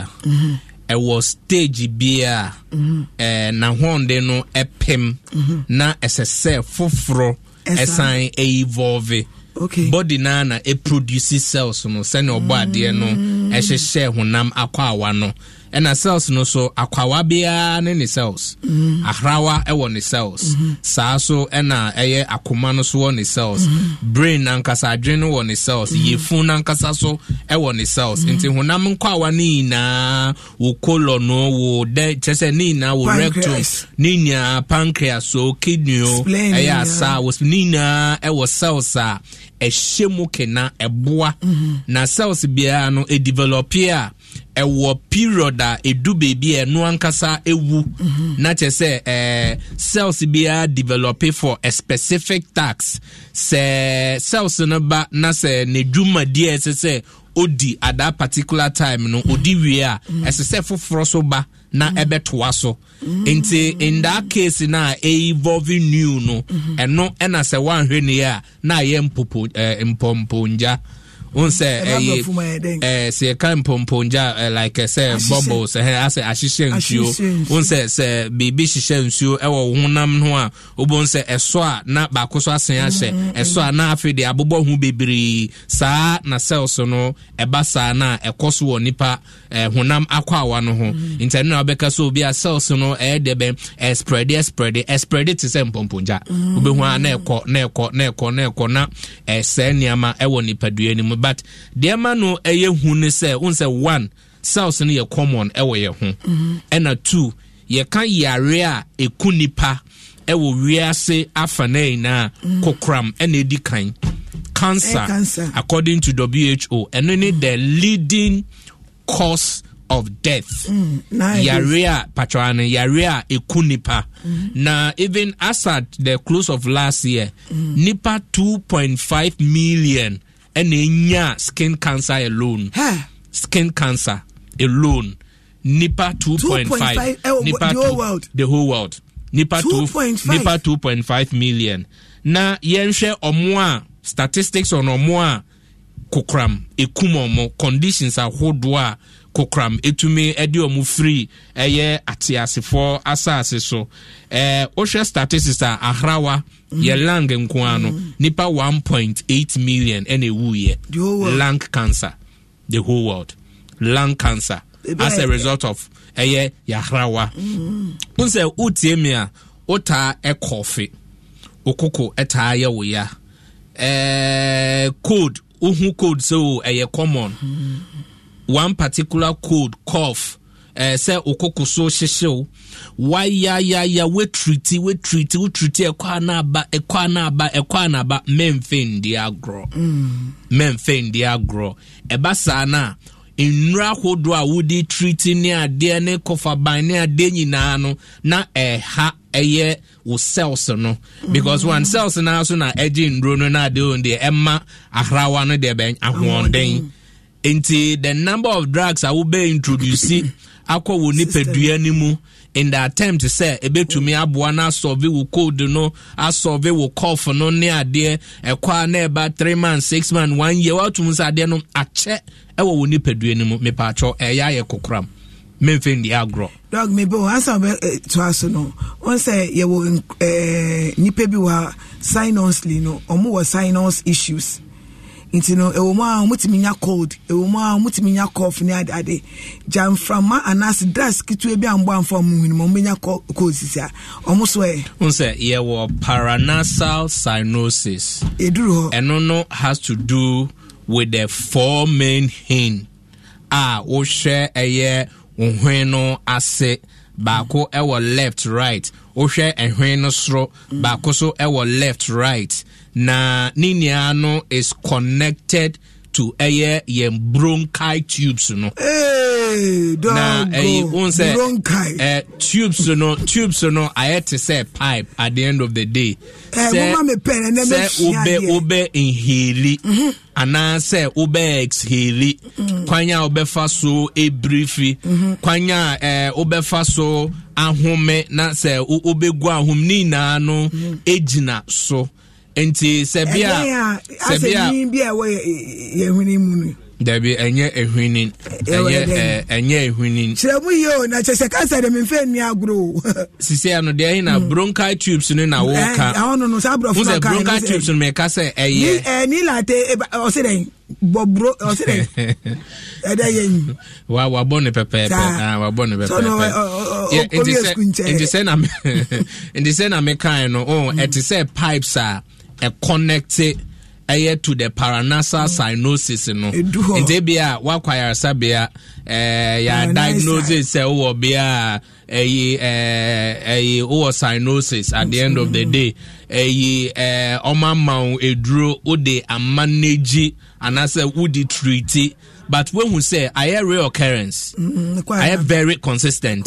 a ɛwɔ stage bi a ɛɛ mhm. n'ahɔnde no ɛpem mhm. na ɛsɛ sɛ foforɔ ɛsan ɛyivolve. Okay. body naa na ɛproduce e cells no sɛnea ɔbɔ adeɛ no mm. ɛhyehyɛ honam akɔ awa no ɛna cells no so akwawa biara ne ne cells mm. ahrawa ɛwɔ ne cells mm-hmm. saa so ɛna ɛyɛ akoma no so wɔ ne cells mm-hmm. brain nankasa adwene no wɔ ne cells mm-hmm. yefun nankasa so ɛwɔ ne cells mm-hmm. nti honam nkwawa ne nyinaa wo colon no wo dɛ kyɛ sɛ ne nyinaa wo rectum ne nyinaa pancreas so kidney o ɛyɛ asa wo ne nyinaa ɛwɔ cells a ɛhyɛ mu kena ɛboa mm-hmm. na cells biara no ɛdevelop a ɛwɔ period a ɛdu baabi a ɛno ankasa ɛwu na kyerɛ sɛ ɛɛ cells biara develop for a specific tax sɛ cells no ba na sɛ ne dwumadie ɛsɛ sɛ odi at that particular time no odi wie a ɛsɛ sɛ foforɔ so ba na ɛbɛtoa so nti in that case na evolving new no ɛno ɛna sɛ wanhwɛ ne yɛ a na ayɛ mpopo ɛɛ n sɛ ɛyɛ ɛɛ sɛ yɛka mpɔmpɔngya like sɛ bubbles ɛhɛn asɛ ahyehyɛ nsuo n sɛ sɛ biribi hyehyɛ nsuo ɛwɔ no a a na baako so ahyɛ mm, mm, mm. a na afei deɛ abobɔ ho bebree saa na cells no ɛba saa na ɛkɔ so wɔ nipa ɛɛ honam akɔ awa no ho na so obi a cells no ɛyɛ deɛ but deɛ ma no ɛyɛ hu ne sɛ wɔn sɛ one cells no yɛ common ɛwɔ yɛ ho ɛna two yɛka yare a ɛku nipa ɛwɔ wiase afa no nyinaa kokoram ɛna ɛdi kan cancer, according to who ɛno ne the leading cause of death mm, nice. yare a patwa no yare a ɛku nipa mm. na even as at the close of last year mm. nipa 2.5 million ɛna ɛnya skin cancer alone skin cancer alone nipa 2.5 eh, nipa the whole world the whole world nipa 2.5 nipa 2.5 million na yɛnhwɛ ɔmo a statistics on ɔmo a kokoram ekum ɔmo conditions ahodoɔ a kokram ɛtumi de ɔmo firi ɛyɛ ateasefoɔ asase so ɛɛ eh, wohwɛ statistics a ahrawa yɛ mm. lang nko ara mm. nipa one point eight million ɛna ewu yɛ lung cancer the whole world lung cancer as a result of ɛyɛ yahrawa mm-hmm. n sɛ wotie mi a wotaa ɛkɔɔfe okoko ɛtaa yɛ wo ɛɛ code wohu code sɛ o ɛyɛ common. Mm-hmm. one particular cold cough ɛɛ eh, sɛ okoko so hyehyew wayayaya wetiriti wetiriti wetiriti ɛkɔ anaba ɛkɔ anaba ɛkɔ anaba mmɛnfɛ ndi agorɔ mmɛnfɛ ndi agorɔ ɛba saa na nnura ahodoɔ a wodi tiriti ne adeɛ ne kɔfaban ne adeɛ nyinaa no na ɛha ɛyɛ wo cells no because mm. one cells naa so na ɛgye nnuro no na adeɛ wɔn ɛma ahrawa no deɛ bɛn ahoɔden. Mm -hmm. nti the number of drugs a wobɛ introduce akɔ wɔ nipadua no mu in the attempt sɛ ebetumi aboa no asɔve wo cold no asɔve wo cough no ne adeɛ ɛkɔ a na ɛba three man, six man, one year watum sɛ adeɛ no akyɛ ɛwɔ wɔ nipadua no mu mepatwɔ ɛyɛ ayɛ kokoram memfe ndi agorɔ dog mebo asa bɛ eh, to aso no wɔn sɛ yɛwɔ eh, nipa bi wɔ sinusly no ɔmo wɔ sinus issues nti no ɛwɔ mu a wɔtumi nya cold ɛwɔ mu a wɔtumi nya cough ne adeade gya mframa anaasɛ dust ketewa bi a mbɔ anfa wɔn hwene mu wɔbɛnya cold sisi a wɔn so yɛ. n sɛ yɛwɔ paranasal cyanosis. eduru hɔ. ɛno no has to do with the four main hin a wohwɛ ɛyɛ nhwen no ase baako ɛwɔ left right wohwɛ nhwen no soro baako so ɛwɔ left right. Mm na ne nyinaa no is connected to ɛyɛ yɛn bronchi tubes no. na ɛyi n sɛ ɛ tubes no tubes no ayɛ te sɛ pipe at the end of the day. sɛ sɛ wobɛ wobɛ nheli mhm. anaasɛ wobɛ exheli mhm. kwan a wobɛfa so ebirifi mhm. kwan a ɛɛ wobɛfa so ahome na sɛ wobɛgu ahome ne nyinaa no egyina so. Mm -hmm nti sɛbia sɛbia bi a ɛwɔ yɛhwene mu no dabi ɛnyɛ ehwinin ɛnyɛ ɛnyɛ ehwinin. kyerɛmu yi o na kyerɛ kansa de mi nfɛ ni agoro. *laughs* sisi ano deɛ ɛyin na mm. bronchi tubes ni na wo ka. ɛɛ ɔno no saa burɔfin na sɛ bronchi tubes mi ka sɛ ɛyɛ. ɛɛ ni laate ɔsi dɛ bro ɔsi dɛ *laughs* ɛdɛ yɛ yin. wa wa bɔ ne pɛpɛɛpɛ aa wa bɔ ne pɛpɛɛpɛ. sɔɔni ɔ ɔ ɔ ɔ ɔ ɔ ɔ ɔ ɔ ɔ ɔ ɔ ɔ ɔ ɔ ɔ ɛconnect ɛyɛ to the paranasal mm. cyanosis no nti bi a wakɔ ayaresabea ɛɛ yɛ diagnosis sɛ wowɔ bea a ɛyi ɛɛ eh, ɛyi wowɔ cyanosis at the end of the mm. day ɛyi ɛɛ eh, ɔmo ama wo eduro wode amanage anasɛ wode treaty but when wehu sɛ ayɛ real occurrence mm, ayɛ very consistent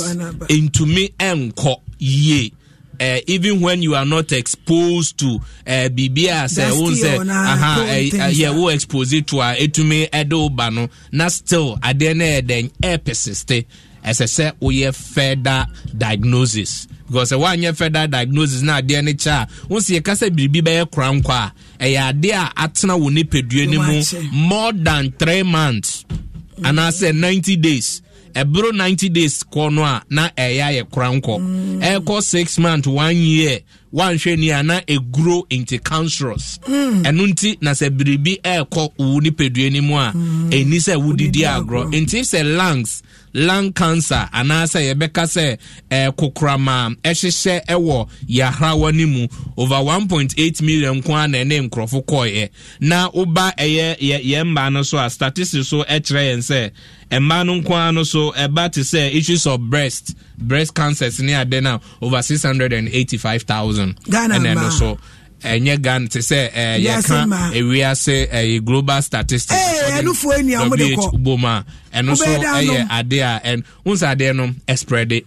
ntumi ɛnkɔ yie uh, even when you are not exposed to uh, eh, biribi a sɛ wo sɛ uh, eh, yɛ wo expose to a ɛtumi ɛde wo ba no na still adeɛ no yɛ dɛn ɛɛpesiste ɛsɛ sɛ woyɛ further diagnosis because sɛ woanyɛ further diagnosis na adeɛ no kyɛ a wo sɛ yɛka sɛ biribi bɛyɛ kora nkɔ a ɛyɛ adeɛ a atena wo nipadua no mu more than three months mm. anaasɛ ninety days ɛboro ninety days kɔ no a na ɛyɛ ayɛ kora nkɔ mm. ɛkɔ 6 month 1 year wanhwɛ ni ana eguro nti cancerous ɛnu nti na sɛ biribi ɛɛkɔ wo nipadua ni mu a mm. ɛni sɛ wodidi agorɔ nti sɛ lungs lung cancer anaasɛ yɛbɛka sɛ ɛɛ kokorama ɛhyehyɛ ɛwɔ yahrawa ne mu over one point eight million kwan na ɛne nkorɔfo kɔɔyɛ na woba ɛyɛ yɛ yɛn mmaa no so a statistics so ɛkyerɛ yɛn sɛ mmaa no nkoa no so ɛba te sɛ issues of breast breast cancers ni adeɛ na over six hundred and eighty five thousand. And ɛna ɛno so ɛnyɛ eh, ghana te sɛ eh, yɛka ewiase ɛyɛ eh, global statistics ɔde wh bom a ɛno so ɛyɛ adeɛ a ɛn nsa adeɛ no ɛsprɛde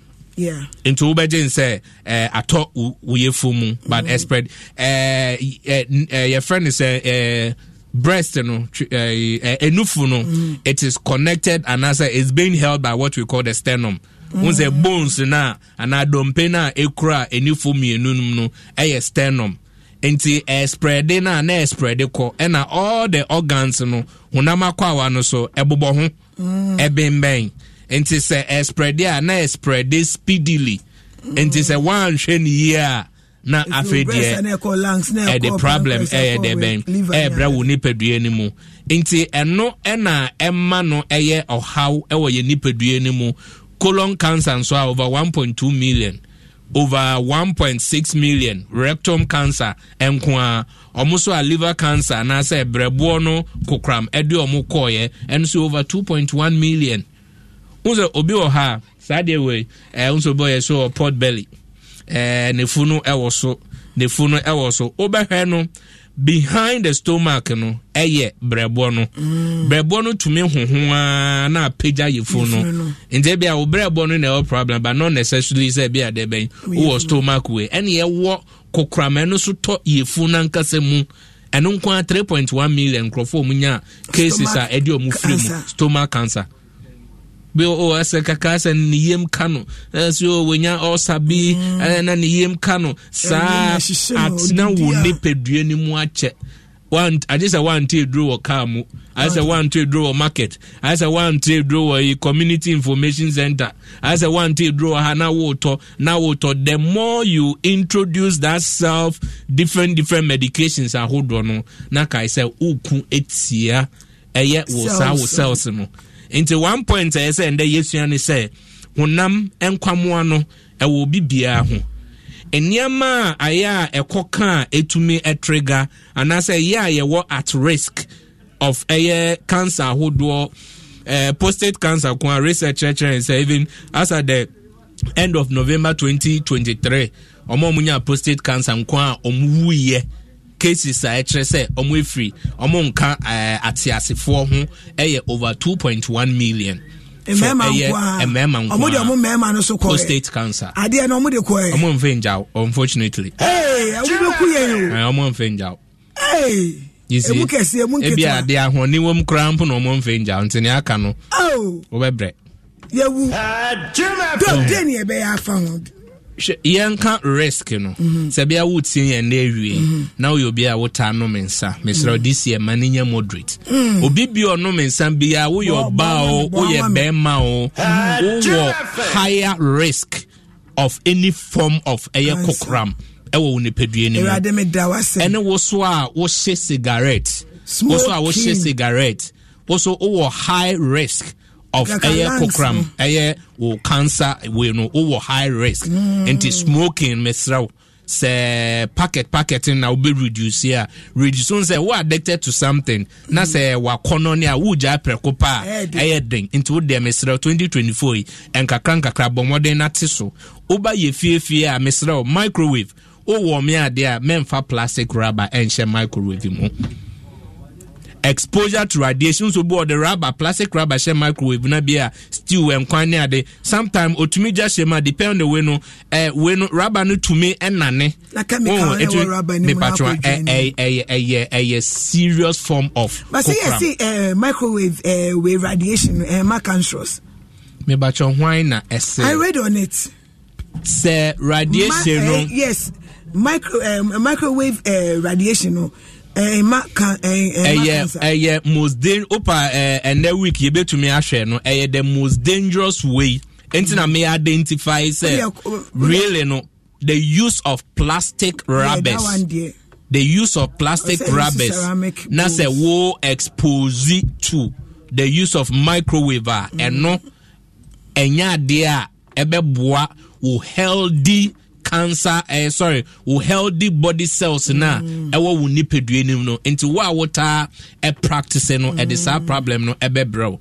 nti wobɛgye n sɛ atɔ woyɛfo mu but ɛsprɛd yɛfrɛ uh, uh, breast uh, enufu no mm. it is connected and answer it's being held by what we call the sternum. wọn sɛ bones na anaa dɔmpe na ekura enifo mmienu mu no ɛyɛ sternum nti ɛsprɛde na na ɛsprɛde kɔ ɛna all the organs no honam akwawa no so ɛbobɔ ho ɛbɛnbɛn nti sɛ ɛsprɛde a na ɛsprɛde speedily nti sɛ wanhwɛ ne yie a na afei deɛ ɛde problem ɛyɛ dɛ bɛn ɛɛbrɛ wo nipadua no mu nti ɛno ɛna ɛma no ɛyɛ ɔhaw ɛwɔ yɛ nipadua no mu colon cancer nso a over 1.2 million over 1.6 million rectum cancer nko a ɔmo nso a liver cancer anaasɛ brɛboɔ no kokram ɛde ɔmo kɔɔɛ ɛno nso over 2.1 million nso obi wɔ ha saa deɛ wei ɛɛ nso bɔ yɛ so wɔ pot belly ɛɛ ne funu ɛwɔ so ne funu ɛwɔ so wobɛhwɛ no behind the stomach no ɛyɛ brɛboɔ no mm. brɛboɔ no tumi huhu na apagya yɛfu no nti bi a wo brɛboɔ no na ɛwɔ problem but not necessarily sɛ bi a dɛ bɛn wowɔ stomach wei ɛne ɛwɔ kokorama no so tɔ yɛfu no mu ɛno nko a 3.1 million nkurɔfoɔ mu nya cases a ɛde ɔmu firi mu stomach cancer bi o ɛsɛ kaka sɛ ne yam ka no ɛsɛ o wɔnya ɔsa bi ɛna ne yam ka no saa atena wo nipadua no mu akyɛ agye sɛ wante aduro wɔ car mu ayɛ sɛ wante aduro wɔ market ayɛ sɛ wante aduro wɔ yi community information center ayɛ sɛ wante aduro wɔ ha na wotɔ na wotɔ the more you introduce that self different different medications ahodoɔ no na kae sɛ woku etia ɛyɛ wɔ saa wɔ cells no nti one point ɛyɛ sɛ ndɛ yɛsua ne sɛ honam nkwamoa no ɛwɔ obi biara ho nneɛma a ayɛ a ɛkɔ ka a ɛtumi trigger anaasɛ ɛyɛ a yɛwɔ at risk of ɛyɛ cancer ahodoɔ uh, prostate cancer ko a research kyerɛkyerɛ sɛ even as at the end of november 2023 ɔmo a ɔmo nya prostate cancer nko a ɔmo wuyɛ cases a ɛkyerɛ sɛ ɔmo efiri ɔmo nka ɛɛ eh, ateasefoɔ ho ɛyɛ over two point one million. Eh, mmarima nkoa mmarima nkoa ɔmo de ɔmo mmarima no so kɔɛ prostate cancer adeɛ no ɔmo de kɔɛ ɔmo nfe njaw unfortunately. ee ɛmu bɛ ku yɛn o eh, ɔmo nfe njaw. ee emu kɛse emu nketewa ebi ade ahoɔni wɔm koraa mpo na ɔmo nfe njaw nti ne aka no. oo oh! wɔbɛbrɛ. yɛwu ah, dɔw den yɛ bɛyɛ afa ho yɛnka risk no mhm. sɛ bia wotie yɛn na awie mhm. na woyɛ obi a wotaa nom nsa mesrɛ ɔde si ɛma no nyɛ moderate mhm. obi bi ɔnom nsa biaa woyɛ ɔba o woyɛ bɛrima o wowɔ higher risk of any form of ɛyɛ kokoram ɛwɔ wo nipadua no muɛne wo so a wohye cigarette wo so a wohye cigarette wo so wowɔ high risk of ɛyɛ kokram ɛyɛ wo cancer wei no wowɔ high risk mm. nti smoking mesrɛ wo sɛ packet packet na wo bɛ reduce a reduce n sɛ wo addicted to something na sɛ mm. wakɔnɔ ne a wogya prɛko pa a ɛyɛ den nti wo deɛ mesrɛ 2024 yi nkakra nkakra bɔ mmɔden na te so woba yɛ fiefie a mesrɛ wo microwave wowɔ me adeɛ a memfa plastic rubber ɛnhyɛ microwave mu exposure to radiation so bi ɔde rubber plastic rubber hyɛ microwave na bi a stew nkwan ne ade sometime otumi gya hyɛ mu a depend on the way no ɛɛ way no rubber no tumi ɛnane ohun etu mipatwa ɛyɛ ɛyɛ ɛyɛ serious form of kokora. basa yɛ si ɛɛ microwave ɛɛ uh, wave radiation ɛɛ uh, eh, macanthus. mipatwa hwan na ɛsɛ. i read on it. sɛ eh, eh, radiation no. uh, yes micro, uh, microwave uh, radiation no. Uh, ɛma kan ɛyɛ ɛyɛ most dan opa ɛɛ eh, ɛnɛ eh, week yɛbɛtumi ahwɛ no ɛyɛ the most dangerous way nti na me identify sɛ really no the use of plastic eh, rubbers yeah, the use of plastic oh, rubbers na sɛ wo expose to the use of microwave mm. a ɛno ɛnyɛ adeɛ a ɛbɛboa wo healthy cancer eh, sorry wo healthy body cells na mm. ɛwɔ mm. wo nipadua nim no nti wo a wotaa eh, practice no ɛde mm. saa problem no ɛbɛbrɛ wo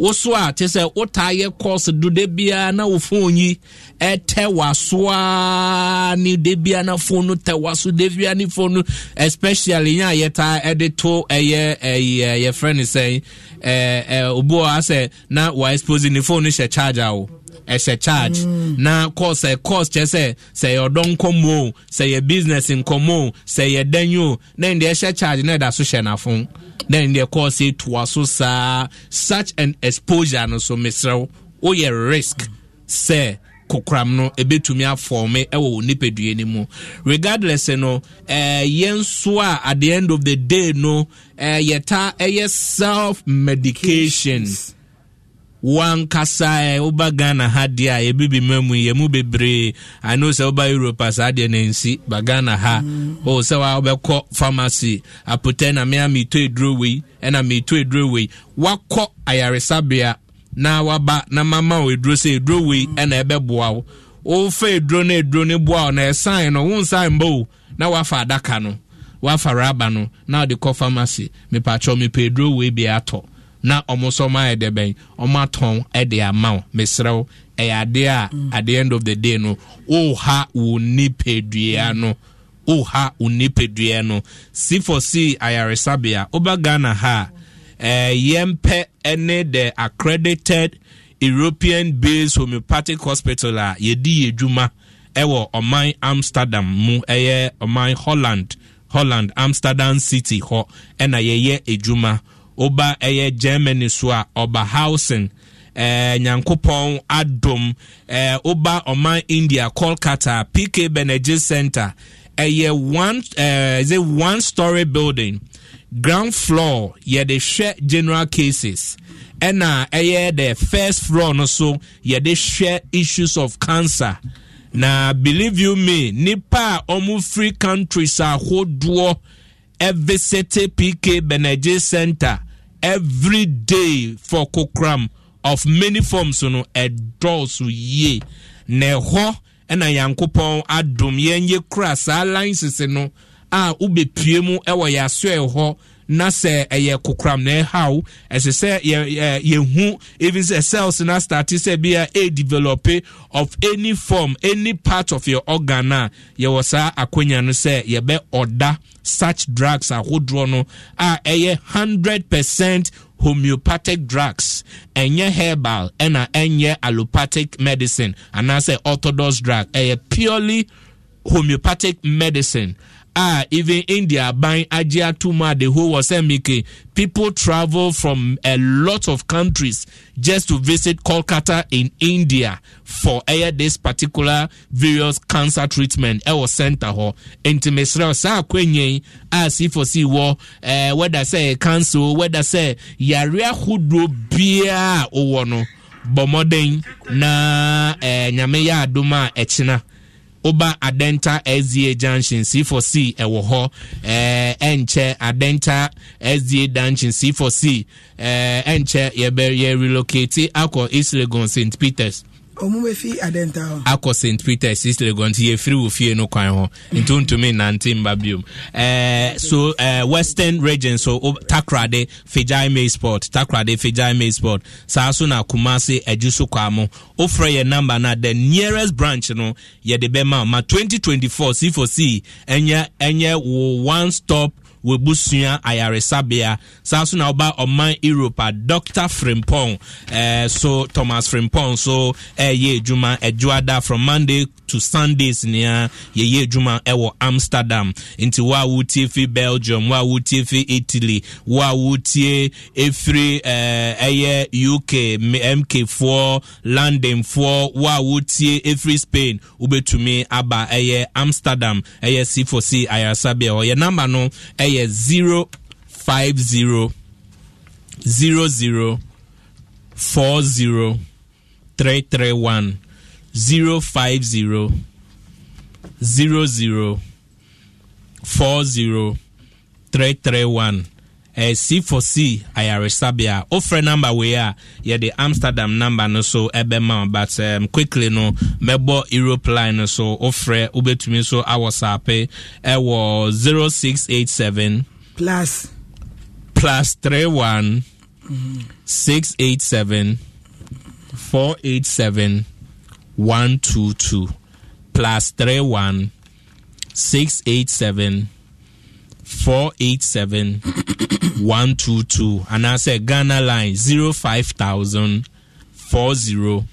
wo so a te sɛ wotaa yɛ course do da biara na wo phone yi ɛtɛ eh, waso a ne da biara na phone no tɛ waso da biara ne phone no especially yɛn a yɛtaa ɛde eh, to ɛyɛ ɛyɛ yɛfrɛ ne sɛn ɛɛ ɛɛ obi wɔ ha sɛ na wa expose ne phone no hyɛ charger o. Mm ɛhyɛ charge mm. na course course kyɛ sɛ sɛ yɛ ɔdɔ nkɔmmo o sɛ yɛ business nkɔmmo o sɛ yɛ dan o then deɛ ɛhyɛ charge na ɛda so hyɛ n'afo then deɛ course etua so saa such an exposure no so mesrɛw woyɛ oh, risk sɛ kokoram no ebetumi afɔme ɛwɔ wɔn nipadua no mu regardless eh, no ɛɛ yɛn so a at the end of the day no ɛɛ eh, yɛta ɛyɛ eh, self medication. Yes wankasa eh, woba ghana ha deɛ a yɛbibi ma mu yɛmu bebree ano sɛ woba europe a saa deɛ nansi ba ghana ha mm. o oh, sɛ wa wobɛkɔ pharmacy apotɛ na mea meetɔ eduro wei ɛna meetɔ eduro wei wakɔ ayaresabea na waba na mama wo eduro sɛ eduro wei ɛna ɛbɛboa wo wofa eduro na eduro ne boa wo na ɛsan no wo nsan mbɔ na wafa adaka no wafa raba no na wɔde kɔ pharmacy mepatwɔ mepɛ eduro wei bi atɔ na ɔmo nso ɔmo ayɛ dɛ bɛn ɔmo atɔn de ama wo mesrɛw ɛyɛ adeɛ a mm. at the end of the day no woha wo nipadua no woha wo nipadua no c for c ayaresabea woba ghana ha a eh, yɛmpɛ ne the accredited european based homeopathic hospital a yɛdi yɛ dwuma ɛwɔ ɔman amsterdam mu ɛyɛ ɔman holland holland amsterdam city hɔ ɛna yɛyɛ adwuma woba ɛyɛ germany so a ɔba housing ɛɛ nyankopɔn adom ɛɛ woba ɔman india kolkata pk benergy center ɛyɛ one ɛɛ is it one story building ground floor yɛde hwɛ general cases ɛna ɛyɛ the first floor no so yɛde hwɛ issues of cancer na believe you me nipa a wɔn free countries ahodoɔ ɛvisite pk benergy center every day for kokram of many forms no ɛdɔɔso yie na ɛhɔ ɛna yankopɔn adom yɛn yɛ kura saa license no a wobɛpue mu ɛwɔ yɛaso ɛhɔ na sɛ ɛyɛ kokoram na ɛhaw ɛsɛ sɛ yɛ yɛhu even sɛ cells na start sɛ bi a e develop of any form any part of your organ a yɛwɔ saa akonnwa no sɛ yɛbɛ ɔda such drugs ahodoɔ no a ɛyɛ hundred percent homeopathic drugs ɛnyɛ herbal ɛna ɛnyɛ allopathic medicine anaasɛ orthodox drug ɛyɛ purely homeopathic medicine a even india ban agye ato mu a the whole was mk people travel from a lot of countries just to visit kolkata in india for ɛyɛ this particular various cancer treatment ɛwɔ center hɔ nti mesrɛ saa akɔnyɛ yi a c4c wɔ ɛɛ wɛda sɛ cancer wɛda sɛ yare ahodoɔ biara a wowɔ no bɔ na ɛɛ eh, nyame yɛ adom a woba adenta sda junction c4c ɛwɔ hɔ ɛɛ ɛnkyɛ adenta sda junction c4c ɛɛ ɛnkyɛ eh, yɛbɛ yɛ relocate akɔ east legon st peters ɔmo bɛfi adɛnta hɔ akɔ st peter sis legon nti yɛfiri wo fie no kwan ho nti nante mba biom eh, so eh, western region so oh, takrade figyai may sport takrade figyai may sport saa so na kumase adwu so kwaa mo wofrɛ yɛ number na the nearest branch no yɛde bɛma ma 2024 c for c ɛnyɛ ɛnyɛ wo one stop wɔbusua ayaresabea saa so na woba ɔman europe a dr frimpong eh, so thomas frimpong so ɛyɛ eh, adwuma adwoada eh, from monday to sundays nea yɛyɛ adwuma ɛwɔ eh, amsterdam nti wo a wotie fi belgium wo a wotie fi italy wo a wotie ɛfiri eh, ɛyɛ eh, uk mkfoɔ londonfoɔ wo a wotie ɛfiri spain wobɛtumi aba ɛyɛ eh, amsterdam ɛyɛ eh, c4c ayaresabea hɔ yɛ namba no ɛyɛ yɛ zero five zero zero zero four zero three three one zero five zero zero zero four zero three three one eh, c4c ayaresabea ofrɛ number wei a yɛde amsterdam number no so ɛbɛma eh, but um, quickly no mɛbɔ europe line no so ofrɛ wobɛtumi so awɔ saape ɛwɔ eh, 0687 eh, plus plus 31 mm. 687 487 122 plus 31 687 four eight seven one two two anaasɛ ghana line zero five thousand four zero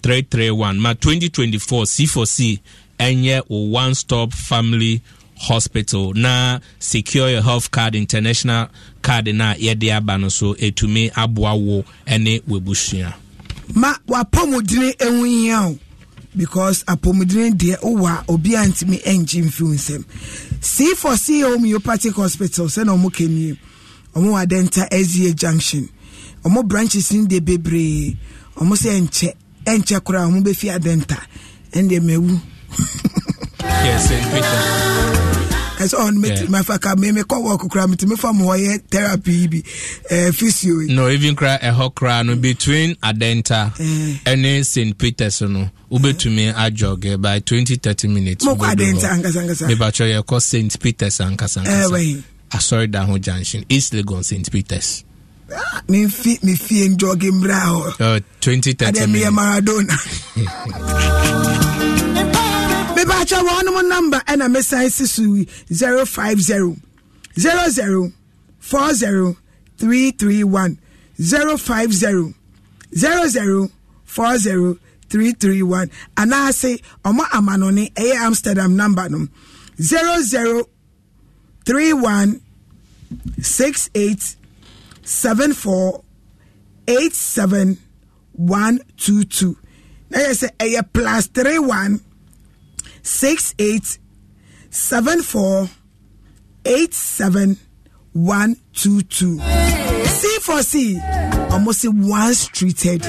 three three one ma twenty twenty four c for c ɛnyɛ o one stop family hospital na secure your health card international card na yɛde aba no so etumi aboa wo ɛne webusua. ma wapɔmudini ewu yia o because apɔmudini deɛ o wa obi a ntumi ɛngye mfi nsɛm c4c homeopathic hospital sɛ na ɔmo kɛnie ɔmo wɔ adɛnta ɛzie junction ɔmo branches ne deɛ bebree ɔmo sɛ nkyɛ ɛnkyɛ koraa ɔmo bɛfi adɛnta ɛndeɛ mɛwu. yes, ɛsɛ ɔn mɛtiri ma fa ka mɛmɛ kɔ wɔɔk kura mɛtiri fa mu hɔ therapy bi ɛɛ eh, physio no even kura ɛhɔ eh, kura no between adenta ɛne eh. st peters no wobɛtumi ajɔge by twenty thirty minutes. mo kɔ adenta ankasa ankasa. mibatɔ yɛ kɔ st peters ankasa ankasa asɔrida ah, ho junction east lagos st peters. Ah, me fi me fi jogging mbira hɔ. Oh. Oh, twenty thirty minutes. adé mi yɛ maradona. *laughs* mebaatwa wɔnom number ɛna mesan si so yi 050 00 40 050 00 40 331 anaasɛ ɔmo amanone ɛyɛ amsterdam number no 0031 68 74 87 na yɛ sɛ ɛyɛ plus 31 six eight seven four eight seven one two two. C for C, almost once treated,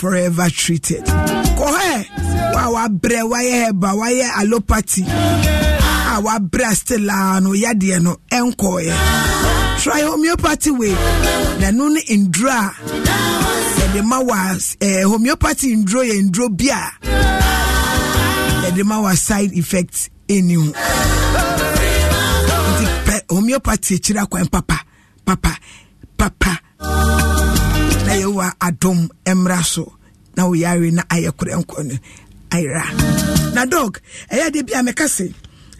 forever treated. Kɔ hɛ, wa wa brɛ wayɛ hɛba wayɛ allopathy a wa brɛ still a no yadeɛ no ɛnkɔɔ yɛ. Try homeopathy way, na no ne nduro a yɛde ma wa eh, homeopathy nduro yɛ nduro bi yɛde ma wa side effect ɛni ho nti homeopathy akyire akwan papa papa papa na yɛwɔ adom mmra so na woyare na ayɛ korɛnkɔ no ayera na dog ɛyɛ de bi a meka se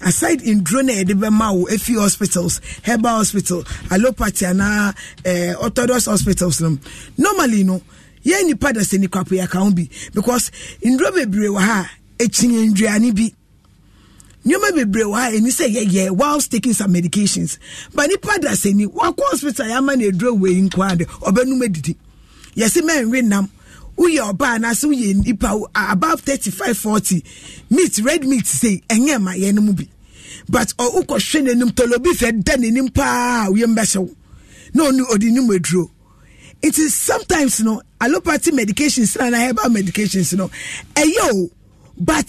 aside nduro na yɛde bɛma wo efi hospitals herbal hospital allopathy anaa eh, orthodox hospitals no normally no yɛn nipa da sɛ nipa po ho bi because nduro bebree wɔ ha ekyini nduane bi nneɛma bebree wɔ ha ɛni sɛ yɛyɛ whilst taking some medications but nipa da sɛ ni wakɔ hospital yɛama na eduro wɔ yi nkwa de ɔbɛnum edidi yɛsi mɛnwe nam woyɛ ɔbaa anaasɛ woyɛ nipa above thirty five forty meat red meat say ɛnyɛ ma yɛn mu bi but ɔwokɔhwɛ n'anim tolobi fɛ da n'anim paa oyɛ mbɛhyɛw na ɔni ɔdi nimu eduro nti sometimes no allopathy medications na na herbal medications no ɛyɛ o but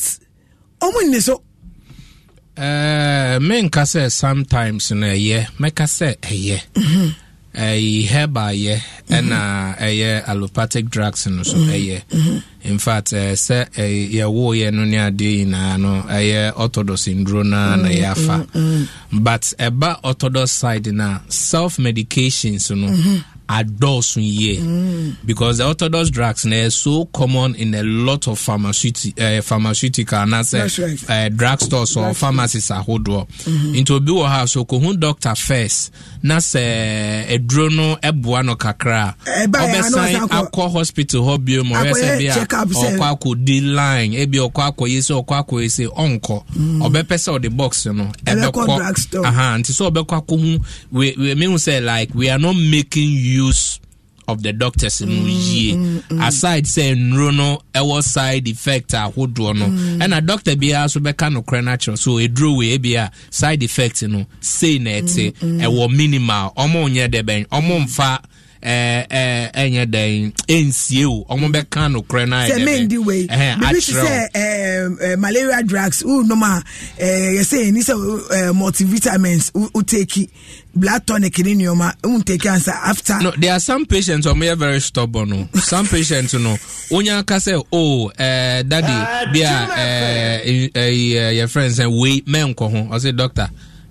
ɔmo nni so. Uh, eh, menka sɛ sometimes na ɛyɛ mɛka sɛ ɛyɛ mhm. ɛyi herba yɛ mhm. ɛna ɛyɛ allopathic drugs no so mhm. ɛyɛ in fact eh, sɛ yɛwo yɛ no ne adeɛ nyinaa no ɛyɛ orthodox nduro no mm, na yɛafa mm, mm, but ɛba orthodox side na self medications no adults here mm. because the orthodox drugs are so common in a lot of pharmaceutical uh, pharmaceutical and that's, uh, that's right. uh, drugstores or that's pharmacies right. ahodoɔ mm-hmm. nti obi wɔ ha so kohun doctor first na uh, sɛ aduro no ɛboa no kakra ɔbɛsan eh, akɔ hospital hɔ bio ma ɔyɛ sɛ bia ɔkɔ akɔdi line ebi ɔkɔ akɔyɛ sɛ ɔkɔ akɔyɛ sɛ ɔnkɔ ɔbɛpɛ sɛ ɔde box no ɛbɛkɔ nti sɛ ɔbɛkɔ akɔhu we we mehu sɛ like we are not making you use of the doctors mu mm, yie mm, mm, aside sɛ nnuro no ɛwɔ side effect ahodoɔ no ɛna doctor biara nso bɛka nokorɛ no natural so ɛduro wei bi a side effect no sei na ɛte ɛwɔ minimal ɔmo nyɛ dɛ bɛn ɔmo mfa. Mm ɛnyɛ eh, eh, dɛn ɛnsie o ɔmo bɛka no korɛ no ayɛ dɛ mendi wei bibi te sɛ eh, malaria drugs wonom a yɛsɛ ɛni sɛ multivitamins woteki blood tonic ne nneɛma wonteki ansa after no there are some patients ɔmo yɛ very stubborn no some patients no wonya ka sɛ o oh, daddy ah, bia yɛ friend sɛ wei mɛnkɔ ho ɔse doctor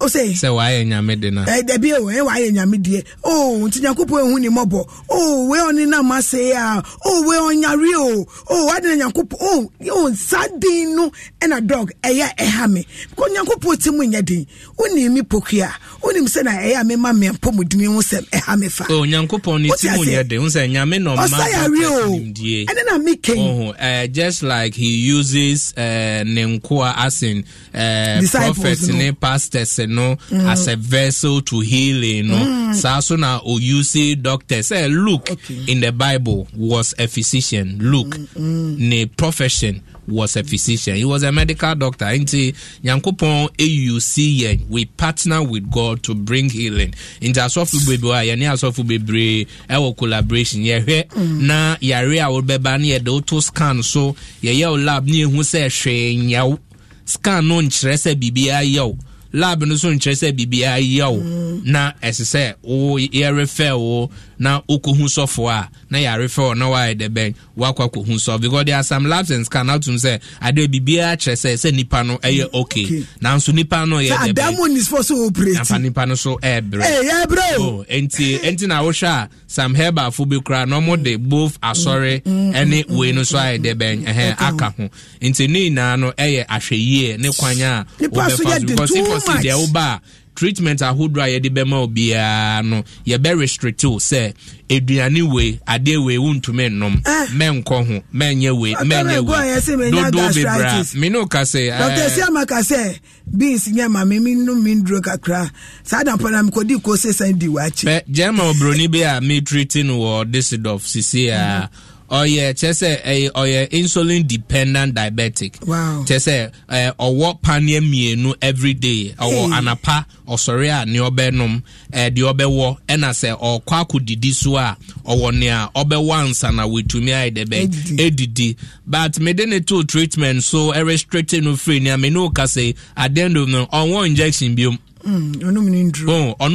ose. sɛ wayɛ nyame de na. ɛ eh, dɛbi o ɛ eh, wayɛ nyame deɛ o nti nyankopɔn ehun ni mɔbɔ o wɛ ɔni nam ase ya o wɛ ɔnyare o o wadina nyankopɔn o o nsa den no ɛna dɔg ɛyɛ ɛha mi ko nyankopɔn ti mu nyɛ den o ni mi pokuya o ni mi sɛ na ɛyɛ mi ma mi mpɔ mu dumi ho sɛ ɛha mi fa. o nyankopɔn ni ti mu nyɛ den sɛ nyame na ɔma ɔsayare o ɛne na mi kɛn. Uh, just like he uses uh, ne as in uh, prophets ne pastors no mm. as a vessel to healing no mm. saa so na o use doctor say eh, look okay. in the bible was a physician luke mm, mm. ne profession was a physician he was a medical doctor nti nyankopɔn auc yɛn we partner with god to bring healing nti asɔfo bebree a yɛne asɔfo bebree ɛwɔ collaboration yɛhwɛ mm. na yare a wɔbɛba no yɛde woto scan so yɛyɛ wo lab ne yɛhu sɛ hwee scan no nkyerɛ sɛ biribiara yɛwo lab no so nkyerɛ sɛ biribiara yia wo mm. na ɛsɛ sɛ wo yɛrefɛ wo na wokɔhu sɔfoɔ a na yɛarefɛ wo na woayɛ dɛ bɛn woakɔ akɔhu sɔfo because there are some labs and scan out sɛ adeɛ biribiara kyerɛ sɛ sɛ nipa no ɛyɛ mm, okay nanso nipa no yɛ dɛ bɛnnafa nipa no so ɛɛbrɛ oh, enti enti na wohwɛ a some herbalfo bi koraa na ɔmo de mm. both asɔre ɛne wei no so ayɛ dɛ bɛn ɛhɛn aka ho enti ne nyinaa no ɛyɛ ahwɛyie ne kwan a wobɛfa so because sɛ deɛ woba a treatment ahodoɔ a yɛde bɛma obiara no yɛbɛ restrict o sɛ aduane wei adeɛ wei wontumi nnom eh. mɛnkɔ ho mɛnyɛ wei mɛnyɛ wei dodoɔ bebree mene woka eh, sɛ beans nyɛ ma me menom kakra saa da na mekɔdi kose san di waakyi gyɛma obroni bi a metrete no wɔ disidɔf sisi a ɔyɛ kyerɛ sɛ ɛyɛ ɔyɛ insulin dependent diabetic wow. kyerɛ sɛ ɛɛ ɔwɔ paneɛ mmienu everyday ɔwɔ hey. anapa ɔsɔre a nea ɔbɛnom ɛɛ deɛ ɔbɛwɔ ɛna sɛ ɔkɔ akɔdidi so a ɔwɔ nea ɔbɛwɔ ansa na wɔatumi ayɛ dɛ bɛn ɛdidi but mede ne to treatment so ɛrestricted no free nea mene wo ka sɛ adeɛ no ɔnwɔ injection biom ɔnom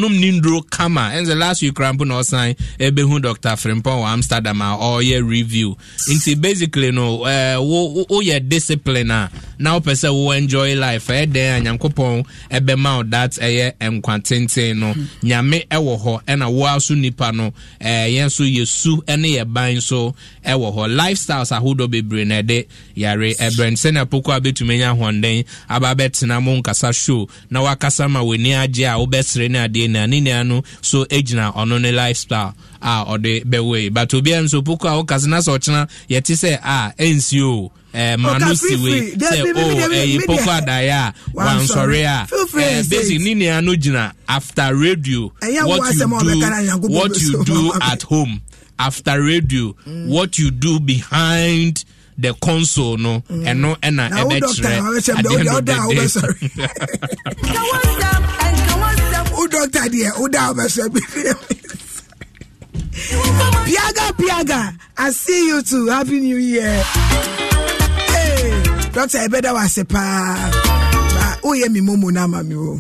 ne nduro kama ɛnzɛ last week kora mpo na ɔsan ɛbɛhu eh, dr frimpon wɔ amsterdam a ah, ɔyɛ review nti basically no eh, woyɛ discipline a ah. na wopɛ sɛ wo enjoy life ɛdɛn eh, a ah, nyankopɔn ɛbɛma wo that ɛyɛ nkwa tenten no nyame ɛwɔ hɔ ɛna woa so nnipa no yɛn so yɛsu ne yɛ ban so ɛwɔ hɔ lifestyles ahodoɔ bebree na ɛde yare ɛbrɛ sɛnea poko a bɛtumi nya ahoɔnden aba bɛtena mo nkasa show na wakasa ma wo w'ani agye a wobɛsere ne adeɛ na ne nua no so gyina ɔno ne lifestyle a ɔde bɛwɔ yi but obiara nso poko a wokase na sɛ ɔkyena yɛte sɛ a ɛnsi o oh, manu si wei sɛ o oh, ɛyi poko adaeɛ a wansɔre a basic ne nua no gyina after radio what you do what you *laughs* do at home after radio what you do behind the console no mm. ɛno ɛna ɛbɛkyerɛ adeɛ wo dɔkta deɛ woda wobɛsɛ piaga piaga i see you too happy new year hey, dɔkta ɛbɛda wo ase paa ba woyɛ me momo no ama me o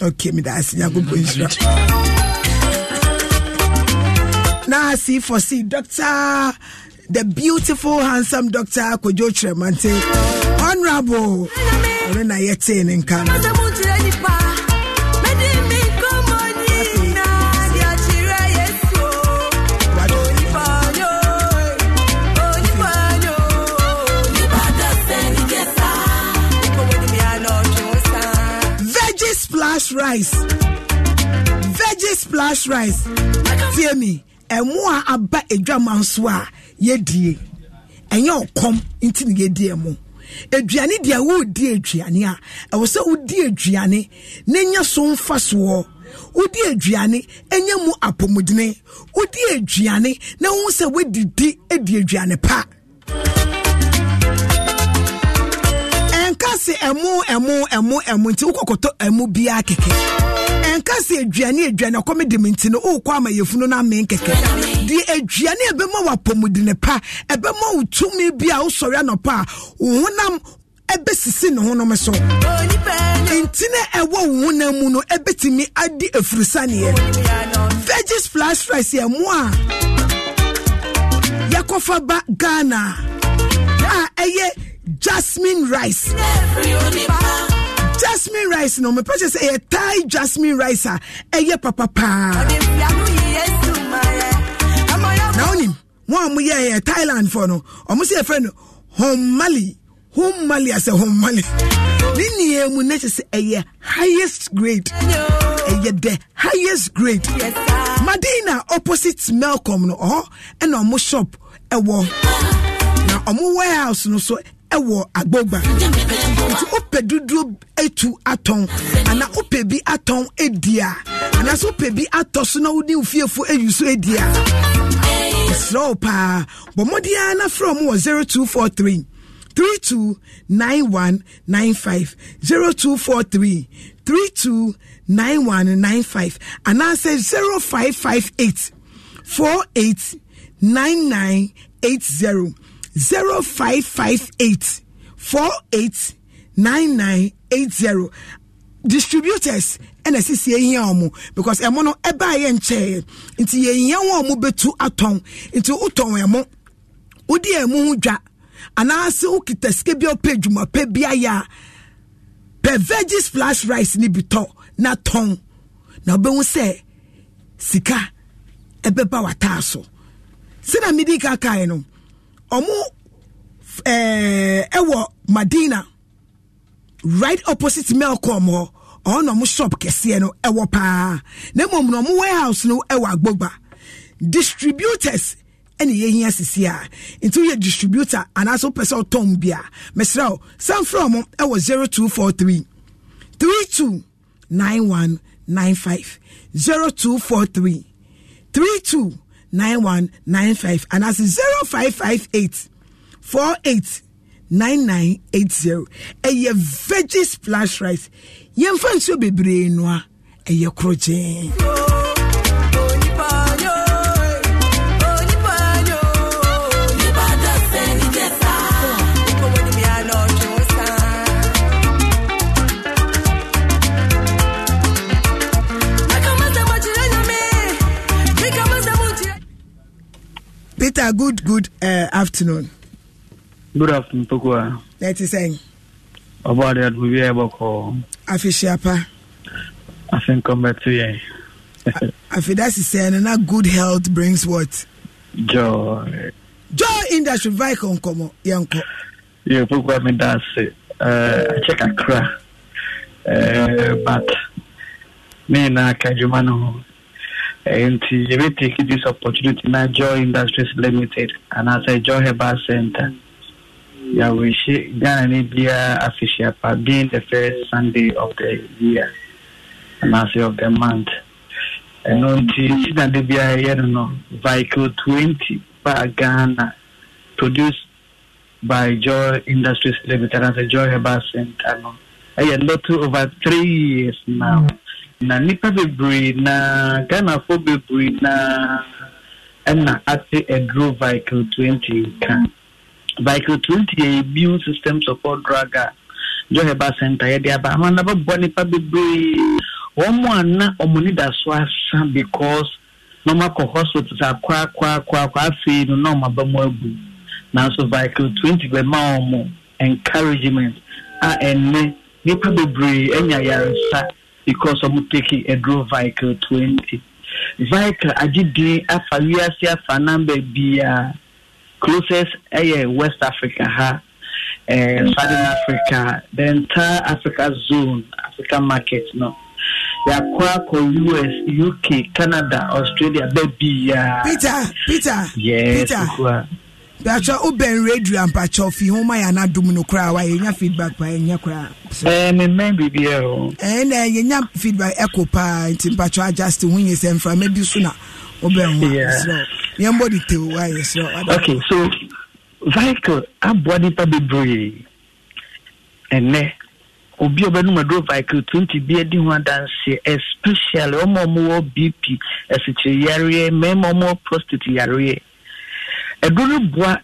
okay meda ase nyankopɔn nhyira na see for see doctor the beautiful handsome doctor Kojo Tremante, Honorable Rena Yete Ninkana. splash rice veggie splash rice tie me ɛmo a about a drama a yɛdie ɛnyɛ ɔkɔm nti ne yɛdie mu aduane deɛ wodi aduane a ɛwɔ sɛ wodi aduane na nya so mfa soɔ wodi aduane ɛnya mu apɔmudene wodi aduane na wo sɛ woadidi adi aduane e pa ɛnka se ɛmo ɛmo ɛmo ɛmo nti wokɔkɔtɔ ɛmo biara kɛkɛ ɛnka sɛ aduane aduane ɔkɔme de me nti no wokɔ ama yɛfunu no amen kɛkɛ deɛ aduane a ɛbɛma wɔ apɔmudene pa ɛbɛma wo tumi bi a wosɔre anɔpa a wo honam ɛbɛsisi ne honom so nti na ɛwɔ wo honam mu no ɛbɛtumi adi afirisaneɛ vegis flash rice yɛ mo a yɛkɔfa ba ghana a ɛyɛ jasmine rice jasmine rice no mepɛ kyɛ A Thai jasmine rice a ɛyɛ papa paa na wonim wɔn a moyɛɛyɛ Thailand for? no ɔmo sɛ yɛfrɛ no homali homali asɛ homali ne nyinaa mu na kyɛ sɛ ɛyɛ highest grade ɛyɛ the highest grade Madina opposite Malcolm no oh, and ɔmo shop ɛwɔ na ɔmo warehouse no so ɛwɔ agbogba nti wopɛ dodoɔ etu atɔn ana wopɛ bi atɔn edia anaasɛ wopɛ bi atɔ so na wode wofiefo eyi so edia ɛsrɛ wo paa bɔ mmɔdeɛ na frɛ mu wɔ eight four eight nine nine eight zero. 0558 48 9980 distributors ɛna sisi ehia wɔn because ɛmo no ɛbaa yɛ nkyɛn nti yɛhia wɔn a wɔbɛtu atɔn nti wotɔn ɛmo wodi ɛmo ho dwa anaasɛ wokita sika bi a ɔpɛ dwuma pɛ bi ayɛ a pɛ veggies flash rice ni bi tɔ na tɔn na ɔbɛhu sɛ sika ɛbɛba wata so na mi di kaka yɛ no. ɔmo ɛɛ ɛwɔ madina right opposite melcom hɔ ɔno ɔmo shop kɛseɛ no ɛwɔ paa na mmom na ɔmo warehouse no ɛwɔ agbogba distributors ɛna yɛhia sisi a nti woyɛ distributor anaasɛ wopɛ sɛ ɔtɔn bi a mesrɛ wo sanfrɛ ɔmo ɛwɔ 0243 32 three 0243 32 nine one nine five and as zero five five eight four eight nine nine eight zero ɛyɛ veggie splash rice yɛmfa nsuo bebree noa ɛyɛ koro gyeen. Peter, good good uh, afternoon. Good afternoon, Tokuwa. That is saying. About that, we are able to call. Afishiapa. I think come back to you. Afidasi saying, and that good health brings what? Joy. Joy industry, Vicon, come on, Yanko. Yeah, Tokuwa, me dance. Uh, check a crack. Uh, but me na kajumano And nti take this opportunity now, joy industries limited and as a joy herbal center we yɛawɔhyɛ ghana ne biara afihyiapa being the first sunday of the year and anaasɛ of the month ɛno nti sinade biara yɛ no no vicle 20 baa ghana produced by joy industries limited as a joy herbal center no ɛyɛ lotto over three years now mm -hmm. na nnipa bebree na ghanafoɔ bebree na ɛna ate aduro vicle 20 ka vicle 20 yɛ immune system support drug a senta center yɛde aba ama na bɛboa nnipa bebree wɔn anaghị a na wɔn so asa because na wɔn akɔ hospital afei no na wɔn aba mu agu nanso vicle 20 a nnipa bebree anya yaresa. because ọmụ a eduro vehicle twenty vehicle agyidie afa wiase afa namba bia closest ɛyɛ eh, west africa ha eh, southern africa the entire africa zone African market no They yàkɔ akɔ us uk canada australia baby. bia. peter peter yes, peter. Kukua. bàtà obìnrin rédíò àmpàkyọ fi hàn máa yà ná dùm koraa wa yẹn nya feedback eh, oh. eh, pa yẹn nya koraa. ẹ mi mẹ́rin bíbí ẹ o. ẹ na yẹn nya feedback ẹ kò paa nti mpàkyọ adjust hun yẹn sẹ nframẹ bi so na obìnrin wa yẹsẹ yẹn bọ dìtẹ wa yẹsẹ. ok so vehicle aboa nipa bebree ẹnẹ obi a ọbẹnum aduro vehicle twenty bi edi ho adanse especially ọmọ ọmọ wọ bp ẹsikyiri yareɛ mmarima ọmọ prostate yareɛ. ɛdɔ no boa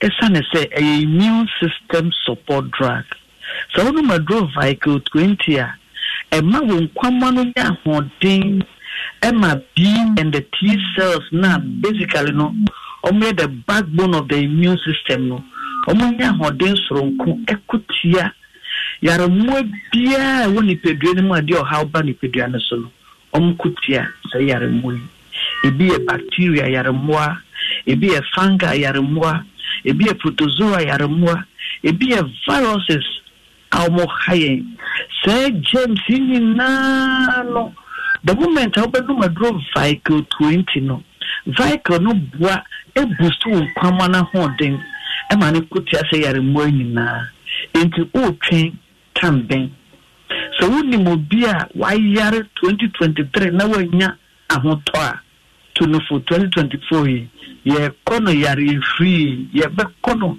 ɛsiane sɛ ɛyɛ immune system support drug sɛ wonom ɛdɔ vicle 20 a ɛma wɔ nkwama no nyɛ ahoɔden ɛma b and the t cells na basically no ɔmoyɛ the backbone of the immune system no ɔmo nyɛ ahoɔden soronko ɛko tia yaremoa biara ɛwɔ nipadua no mu a deɛ ɔhaw ba nipadua no so no ɔmo ko tia sɛ yaremoa ebi yɛ bacteria yaremoa ebi yɛ fungi ayaremmoa ebi yɛ protozoa ayaremmoa ebi yɛ viruses a wɔn ha yɛn saa germs yi nyinaa no the moment a wɔbɛdum aduro vicle twenty no vicle no boa ebusu wɔn kwama n'ahoɔden ɛma ne kotia sɛ yaremmoa nyinaa nti ɔretwɛn tan bɛn sɛ wɔnim obi a wayare twenty twenty three na wanya ahotɔ a. to no for 2024 yi yɛkɔ no yare firii yɛbɛkɔ no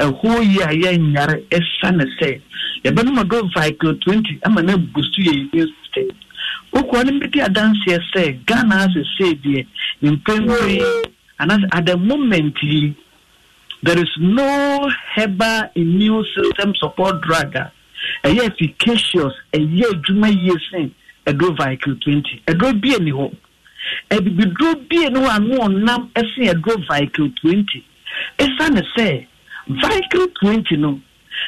ɛho yi a yɛnyare ɛsa ne sɛ yɛbɛnom do vicle 20 ama no abu so yɛ immune system wokɔɔ no bɛdi adanseɛ sɛ ghana asesei deɛ mpɛmpe anaasɛ at the moment yi there is no herbal immune system support drug a ɛyɛ efficacious ɛyɛ adwuma yie sen ɛduro vicle 20 ɛduro bie ni hɔ adibiduro bie no a na ɔnam ɛsen ɛduro vicle twenty ɛsiane sɛ vicle twenty no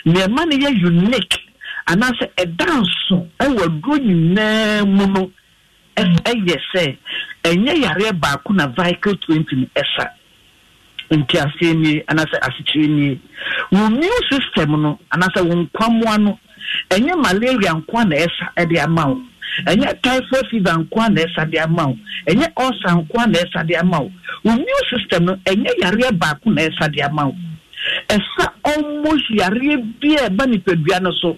nea ɛma no yɛ unique anaasɛ ɛda ɛwɔ aduro nyinaa mu no ɛyɛ sɛ ɛnyɛ yareɛ baako na vicle twenty no ɛsa nti aseɛ nie anaasɛ asekyerɛ nie wo immune system no anaasɛ wo nkwamoa no ɛnyɛ malaria nko na ɛsa ɛde ama wo ɛnyɛ typhoid fever nko a na ɛsade ama wo ɛnyɛ ulcer nko a na ɛsade ama wo wo immune system no ɛnyɛ yareɛ baako na ɛsade ama wo ɛsa almost yareɛ bi a e ɛba nipadua no so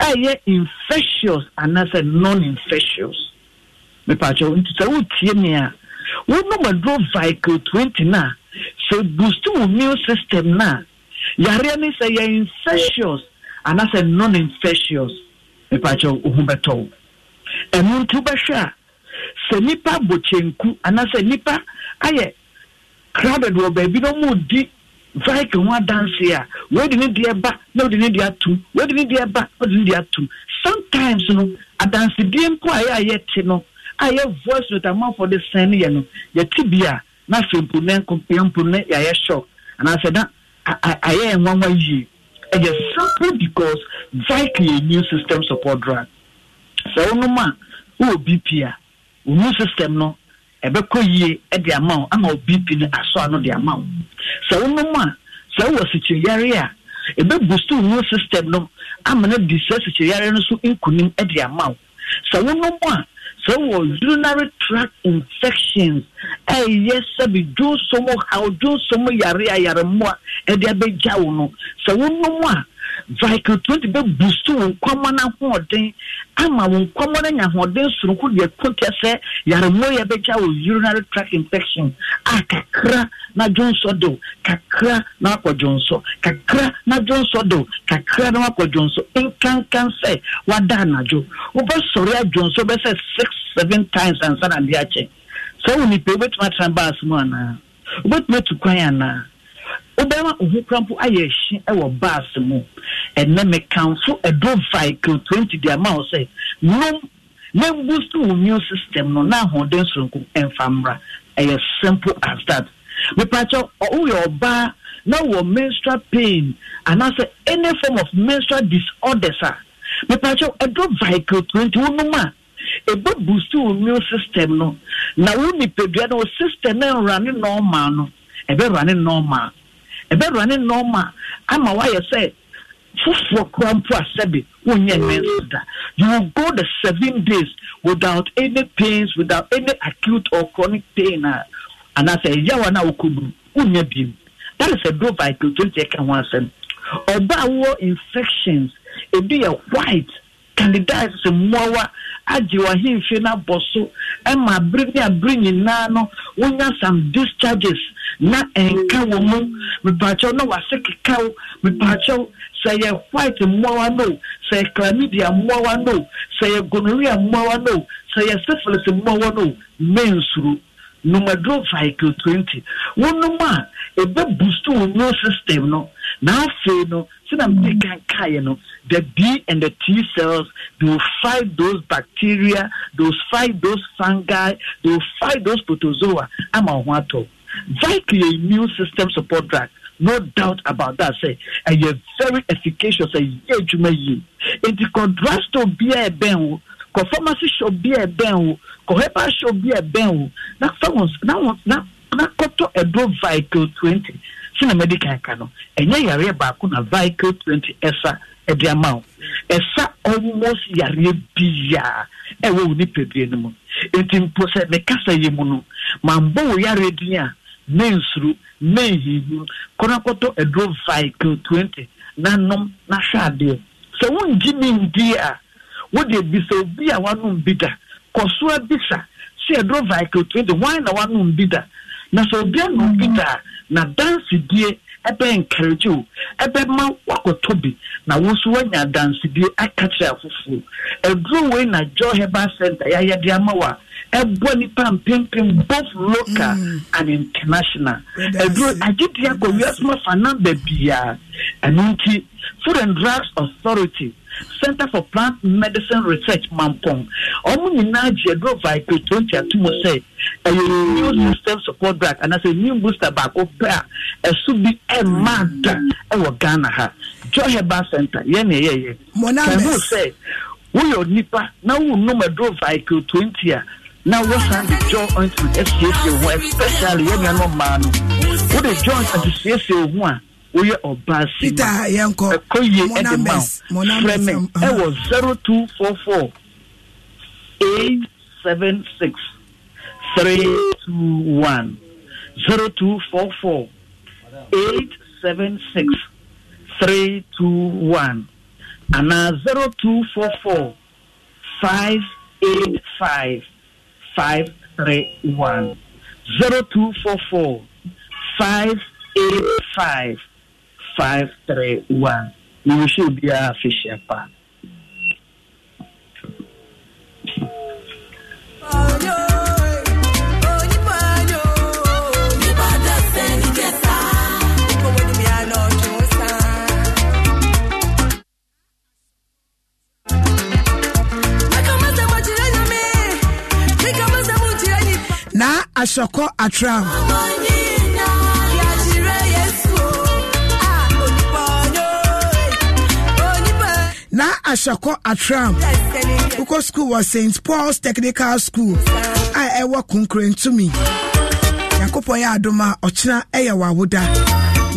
ɛyɛ infectious anaasɛ non-infectious mepaakyɛw nti sɛ wotie me a wonom aduro vicle 20 no a sɛ boost wo immune system no a yareɛ no sɛ yɛ infectious anaasɛ non-infectious mepaakyɛw ohun bɛtɔ ɛno nto bɛhwɛ a sɛ nipa bɔ kyenku anaasɛ nipa ayɛ crowded wɔ baabi na ɔmo di vehicle ho adanse a wɔde ne deɛ ba na wɔde ne deɛ atum wɔde ne deɛ ba na wɔde ne deɛ atu. sometimes no adansedie mpo a yɛ a yɛte no a yɛ voice note amanfo de sɛn no yɛ no yɛte bi a na afei mpo ne nko mpo ne yɛayɛ shock anaasɛ na ayɛ nwanwa yie ɛyɛ simple because vehicle yɛ new system support drug sɛ wonom a wowɔ bp a womu system no ɛbɛkɔ yie de ama wo ama wo bp no asɔ ano de ama wo sɛ wonom a sɛ wowɔ sikyireyare a ɛbɛbusto wo system no ama no de saa no so nkunim de ama wo sɛ wonom a sɛ wowɔ urinary tract infections ɛyɛ sɛbi dwonsom haw dwonsom yare a yaremmoa ɛde abɛgya wo no sɛ wonom a vicle twenty bɛ boost wɔn nkɔmɔ n'ahoɔden ama wɔn nkɔmɔ n'anya ahoɔden soronko deɛ kuntɛ sɛ yaremoyɛ bɛgya wɔ urinary tract infection a kakra na dwonsɔ do kakra na wakɔ dwonsɔ kakra na dwonsɔ do kakra na wakɔ dwonsɔ nkankan sɛ wada anadwo wɔbɛsɔre adwonsɔ bɛsɛ six seven times ansa na adeɛ akyɛ sɛ wɔn nipa wɔbɛtumi atena baasi mu anaa wɔbɛtumi atu kwan anaa wobɛma wo ho krampo ayɛ ahyi wɔ bas mu ɛnɛ mekamfo ɛdo vicle 20 de ama wo sɛ nom na boost wo immune system no na ahoɔden soronko ɛmfa mmra ɛyɛ simple as that mepakyɛ woyɛ ɔbaa na wɔ menstrual pain anaasɛ any form of menstrual disorders a mepakyɛ ɛdo vicle 20 wonom a ɛbɛ boost wo immune system no na wo nipadua no wo system no nrane normal no ɛbɛrane normal ɛbɛwura ne nɔɔma ama wayɛ sɛ fufuo kura mpo asɛbi wonyɛ menses mm. da you will go the seven days without any pains without any acute or chronic pain a ah, anaasɛ ɛyawa no a wokɔburu wonyɛ biom that is a do vital twenty ɛka ho asɛm ɔba a wowɔ infections ebi yɛ white candidiasis mmoawa agye w'ahemfie no abɔ so ma abere ne abere nyinaa no wonya some discharges na ɛnka wɔ mu mepaakyɛw na wase kekaw mepaakyɛw sɛ yɛ white mmoawa no sɛ yɛ chlamydia mmoawa no sɛ yɛ gonorrhea mmoawa no sɛ yɛ syphilis mmoawa no mensuro numaduro vehicle twenty wɔnom a ɛbɛ boost wɔn new system no na afei no Soon that they can carry, you know, the B and the T cells, they will fight those bacteria, they will fight those fungi, they will fight those protozoa. I'm a one Like your immune system support drug. No doubt about that, say. And you're very efficacious, and you're a And the contrast to be a ben, kɔ pharmacy shop bi a ɛbɛn o kɔ herbal shop bi a ɛbɛn now, na now, now, now, wɔn na na kɔtɔ ɛduro vehicle twenty sena mɛde kanka no ɛnyɛ yareɛ baako na vehicle twenty ɛsa ɛde ama wo ɛsa almost yareɛ biya, ɛwɔ wo nipadua no mu nti mpo sɛ mekasa yi mu no mambɔ wo yareɛ din a mensuro menhinhim kɔnɔ akɔtɔ aduro vehicle twenty nanom nahwɛ adeɛ sɛ wongye me ndie a wode bisa obi a wanom bi da kɔsoa e bisa sɛ aduro vehicle twenty, hwan na wanom bi da na sɛ obi anom bi da a na dansidie ɛbɛ nkaregye o ɛbɛma wakɔtɔ bi na wo nso wanya dansidie aka kyerɛ afoforɔ aduro wei na joy herbal center yɛayɛ de ama wa ɛbɔ nipa mpempem both local mm. and international aduro agyedi akɔ wiasoma fa namba biara ɛno nti food and drugs authority center for plant medicine research mampɔn ɔmo nyinaa gye aduro vaikoto ntiatomo sɛ. Mm ɛyɛ new system support drug anaasɛ new booster baako pɛ a ɛso bi ɛmma da ɛwɔ ghana ha joy herbal center yɛn na ɛyɛ yɛ kɛmu sɛ woyɛ nipa na wonom ɛdoro vehicle twenty a na wɔsan de joy ointment asiesie ho especially yɛn nua no maa no wode joy ointment asiesie ho a woyɛ ɔbaa si ma ɛkɔ yie ɛde ma o frɛ me ɛwɔ um, uh-huh. zero two four four eight seven six three two one zero two four four eight seven six three two one ana zero two four four five eight five five three one zero two four four five eight five five three one na o ṣe obiara fi pa. na asɔkɔ atra na asɔkɔ atra Ukwu school was st paul's technical school a ɛwɔ kunkurentumi nyankopɔn yɛ adom a ɔkyena ɛyɛ w'awoda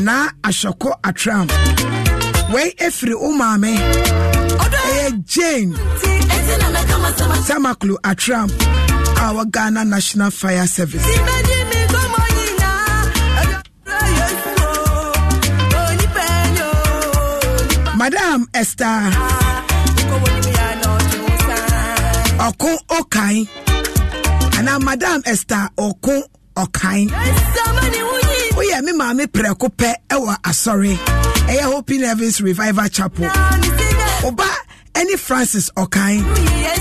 na asɔkɔ atra wee efiri wo maame ɛyɛ jane Samaklu atram our Ghana National Fire Service. Madam Esther Okun Okai and now Madam Esther Okun Okai. Woyɛ me maame prɛko pɛ ɛwɔ asɔre I Hope in Nervous Revival Chapel. Oba ɛne francis ɔkan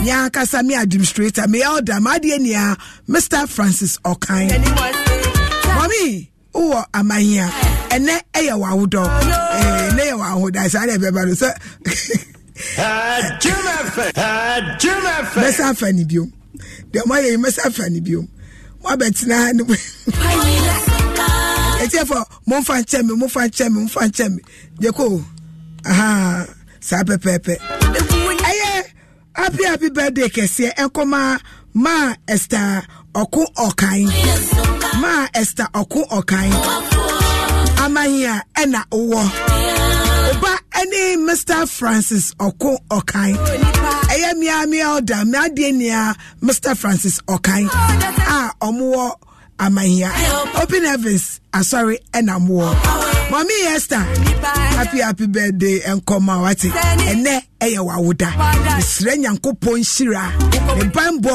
ne ankasa me administrator me elder maadeɛ nea mr francis ɔkan mami wowɔ amahia ɛnɛ ɛyɛ w'ahodɔ ɛnɛ yɛ w'ahoda saa deɛ bɛba no sɛ mɛsa afa ne biom deɛ moayɛ yi mɛsa afa ne biom moabɛtena no ɛtiɛfɔ momfa nkyɛ me momfa nkyɛ me momfa nkyɛ me deɛ ko aha saa pɛpɛɛpɛ happy happy birthday kɛseɛ ɛnkɔma maa esther ɔko ɔkan maa esther ɔko ɔkan amahia ɛna wɔ ɔba ɛne mr francis ɔko ɔkan ɛyɛ mia mmea ɔda mmea deɛ nia mr francis ɔkan a ɔmo wɔ amahia open heavens asɔre ɛna mo wɔ. mami esther happy happy birthday nkɔma wate ɛnɛ ɛyɛ wawoda mesrɛ nyankopɔn hyira ne banbɔ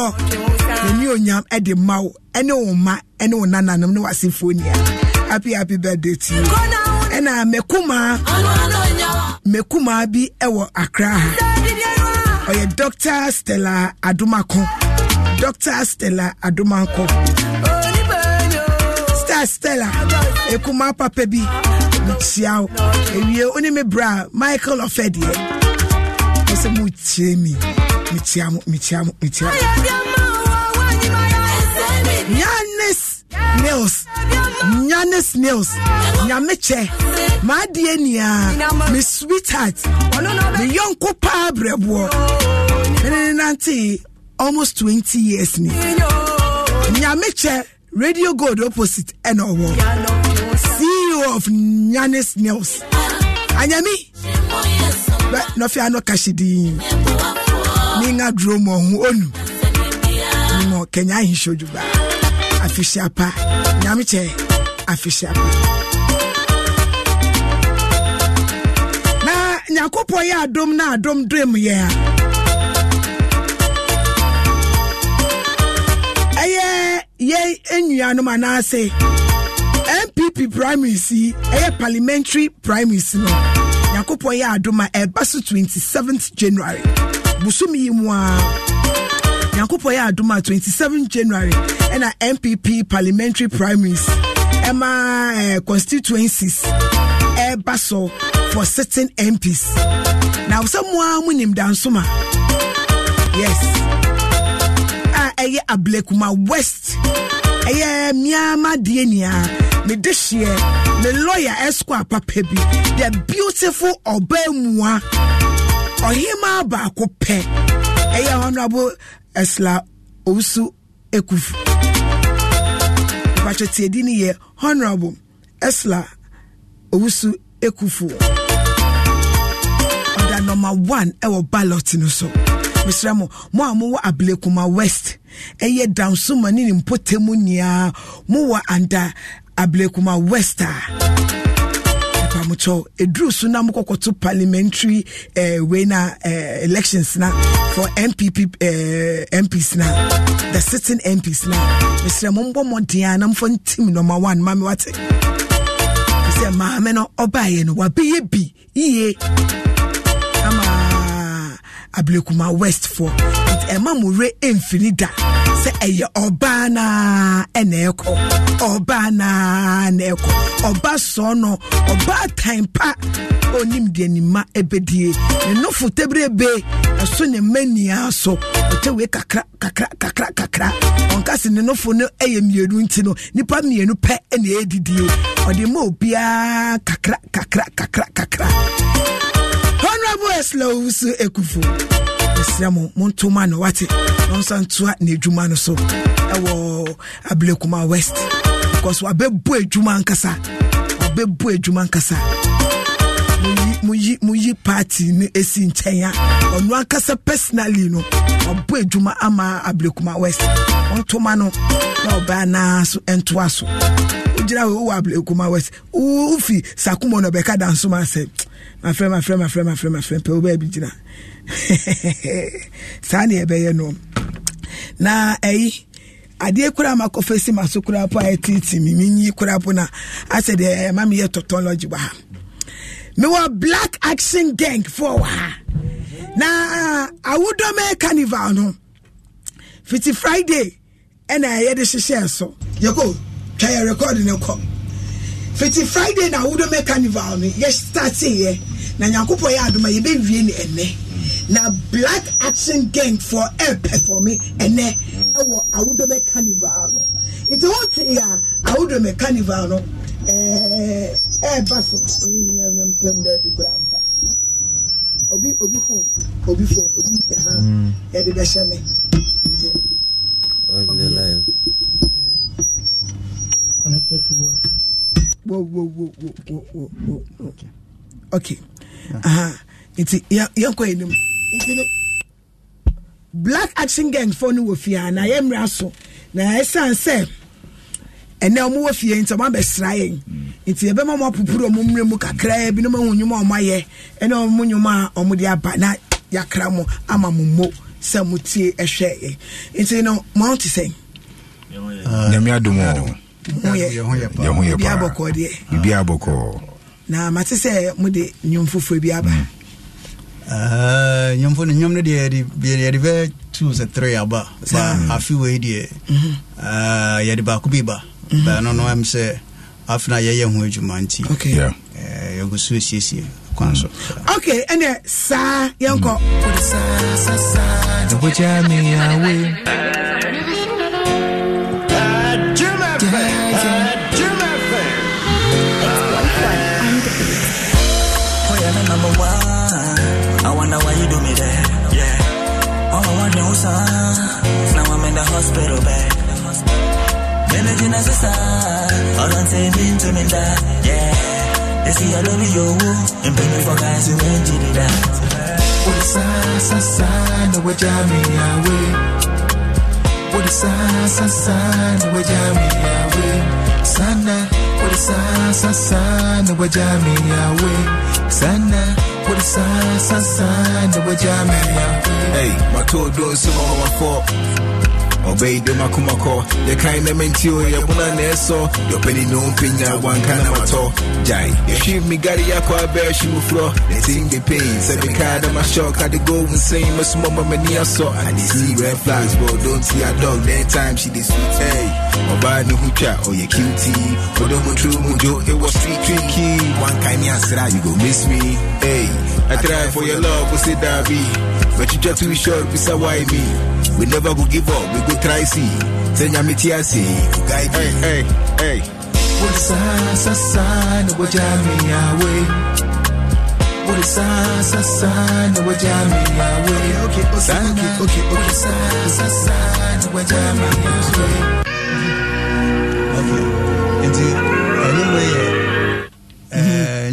ɛni onyam ɛde ma wo ɛne wo ma ne wasefoɔ nia happy happy birthday to you ɛna mɛkumaa mɛkumaa bi ɛwɔ akra ha ɔyɛ dr stella Adumako. dr stella Adumako. star stella ekuma papa bi hyia ewie one me bra michael ɔfɛdeɛ eh. ɔsɛ mo mi metia mo metia mo nyanes nails nyanes nails nyamekyɛ maadeɛ nia me sweetheart me yɔnko paa brɛboɔ mene ne almost 20 years ni nyamekyɛ radio gold opposite ɛna ɔwɔ of nyanis Nails. Anyami. But nɔfɛ ano kasi din ni ŋa duro mɔ ohun onu mɔ kɛnyɛ ya afisiapa nyamikyɛ afisiapa. na nyakopɔ ya adom na adom dom ya a ya yɛ enuanom anaase. pp primaries yi ɛyɛ parliamentary primaries no nyankopɔn yɛ adoma ɛba so 27th january bosom yi mu a nyankopɔn yɛ adoma 27 january ɛna mpp parliamentary primaries ɛma uh, constituencies ɛreba so for certain mps na sɛ moa mu nim dansoma yes a ɛyɛ ablekuma west ɛyɛ miama deɛ nyinaa me this year, me lawyer Esquire Papa B, the beautiful Obemwa, Ohima Bakope, Eya Honorable Esla Osu Ekufu. Pachotie dini ye Honorable Esla Osu Ekufu. Under number one, ewo ballot no so. mesrɛ mo mo a mowɔ ablekuma west ɛyɛ dansoma ne ne mpotemu nyinaa mowɔ anda ablekuma west a pamukyɛw ɛduru so na mokɔkɔto parliamentary uh, na eh, elections na for mpp eh, mps na the sitting mps na mesrɛ mo mmɔden a na mfa ntim nɔma 1 ma me wate sɛ maame no ɔbaeɛ no wabɛyɛ bi yie ama ablekuma west for ɛma mo werɛ da sɛ ɛyɛ ɔbaa naa ɛna ɛkɔ ɔbaa naa na ɛkɔ ɔba sɔɔ no ɔbaa tan pa onim deɛ ne ma ɛbɛdie ne nofo ɛso ne mma nia so ɔkyɛ wei kakra kakra kakra kakra ɔnka se ne nofo no ɛyɛ mmienu nti no nipa mmienu pɛ ɛna ɛdidie ɔde ma obiara kakra kakra kakra kakra honorable eslow so ekufo ɛsrɛ mo montoma na wate no nsa ntoa ne adwuma no so ɛwɔ abilekuma west because wabɛbɔ adwuma nkasa wabɛbɔ adwuma nkasa muyi muyi party no esi nkyɛn a ɔno ankasa personally no ɔbɔ adwuma ama abilekuma west ɔntoma no na ɔbaa naa so ntoa so ogyina wo wɔ abilekuma west wofi sakuma na ɔbɛka dansoma asɛ mafrɛ mafrɛ mafrɛ mafrɛ mafrɛ pɛ wo baabi gyina. *laughs* saa na ɛbɛyɛ no na ɛyi adeɛ kura ma kɔfɛ si ma so kura po a ɛtiti mi mi nyi kura po na asɛ deɛ ɛma mi yɛ tɔtɔlɔgi wa ha mi wɔ black action gang fo wa ha na awudɔmɛ carnival no fiti friday ɛna ɛyɛ de hyehyɛ so yɛko twa yɛ record ne kɔ fiti friday na awudɔmɛ carnival no yɛ start yɛ na nyankopɔn yɛ adoma yɛ bɛ wie ne ɛnɛ. na black action gang for air performing ɛnɛ ɛwɔ awudome carnival no nti wɔn ti yɛ awudome carnival no ɛɛ eh, ɛɛba eh, so oyi nyɛ eh, nyɛ mpɛm dɛ bi kura nfa obi obi phone obi phone obi yɛ ha hmm. yɛde de hyɛ ne. Connected to what? Whoa, whoa, whoa, whoa, whoa, whoa, Okay. Okay. Yeah. Uh-huh. nti yɛnkɔ yɛnim nti no black action gangs fo no wɔ fie a na yɛ mmerɛ so na ɛsiane sɛ ɛnɛ ɔmo wɔ fie nti ɔmo abɛsra yɛn nti yɛbɛma ɔmo apoporo ɔmo mmerɛ mu kakra binom ahu nnwuma ɔmo ayɛ ɛna ɔmo nnwuma a ɔmo de aba na yɛakra mo ama mo mo sɛ mo tie ɛhwɛ yɛ nti no mo ahote sɛn. Ah, nyame adum yɛho yɛ paa biribi abɔkɔɔ na mate sɛ mode nnwom foforɔ bi aba mm. nyɔmfo no nyɔm no deɛ yɛde bɛ two sɛ three aba ba mm-hmm. afe wei deɛ mm-hmm. uh, yɛde baako bi ba baano no m sɛ afe no yɛyɛ ho adwuma nti uh, yɛgu so asiesie kwan so ok ɛnɛ saa yɛnkɔ mm-hmm. hospital bed. Managing as a star, all I'm on saving to me that, yeah. They see I love you, and bring me for guys who ain't did that. What is sa sa no we jami awe. What is sa sa no we jami awe. Sana, what is sa sa no we jami awe. Sana, what is sa sa no we jami awe. Hey, my two doors, so on my fault obey the Makumako, the kind of mentio, your bonaneso, your penny no pina, one kind of ato. Jai, if she me gari aqua bear, she will flow, they sing the pain, said the card of my shock, had the go insane, my small money I saw, and they see red flags, but don't see a dog, that time she this sweet, hey, or bad no hucha or oh, your cutie, or the moon true mojo, it was street tricky, one kind of answer, ah, you go miss me, hey, I try for your love, we say that be, but you just too short, we say why me. We never go give up, we go try see. Senya mitiasi, guide me. Hey, hey, hey. What is sa sa no go jami away. What is sa sa no go jami away. Okay, okay, okay, okay, okay. Sa sa no go jami away. Okay, indeed.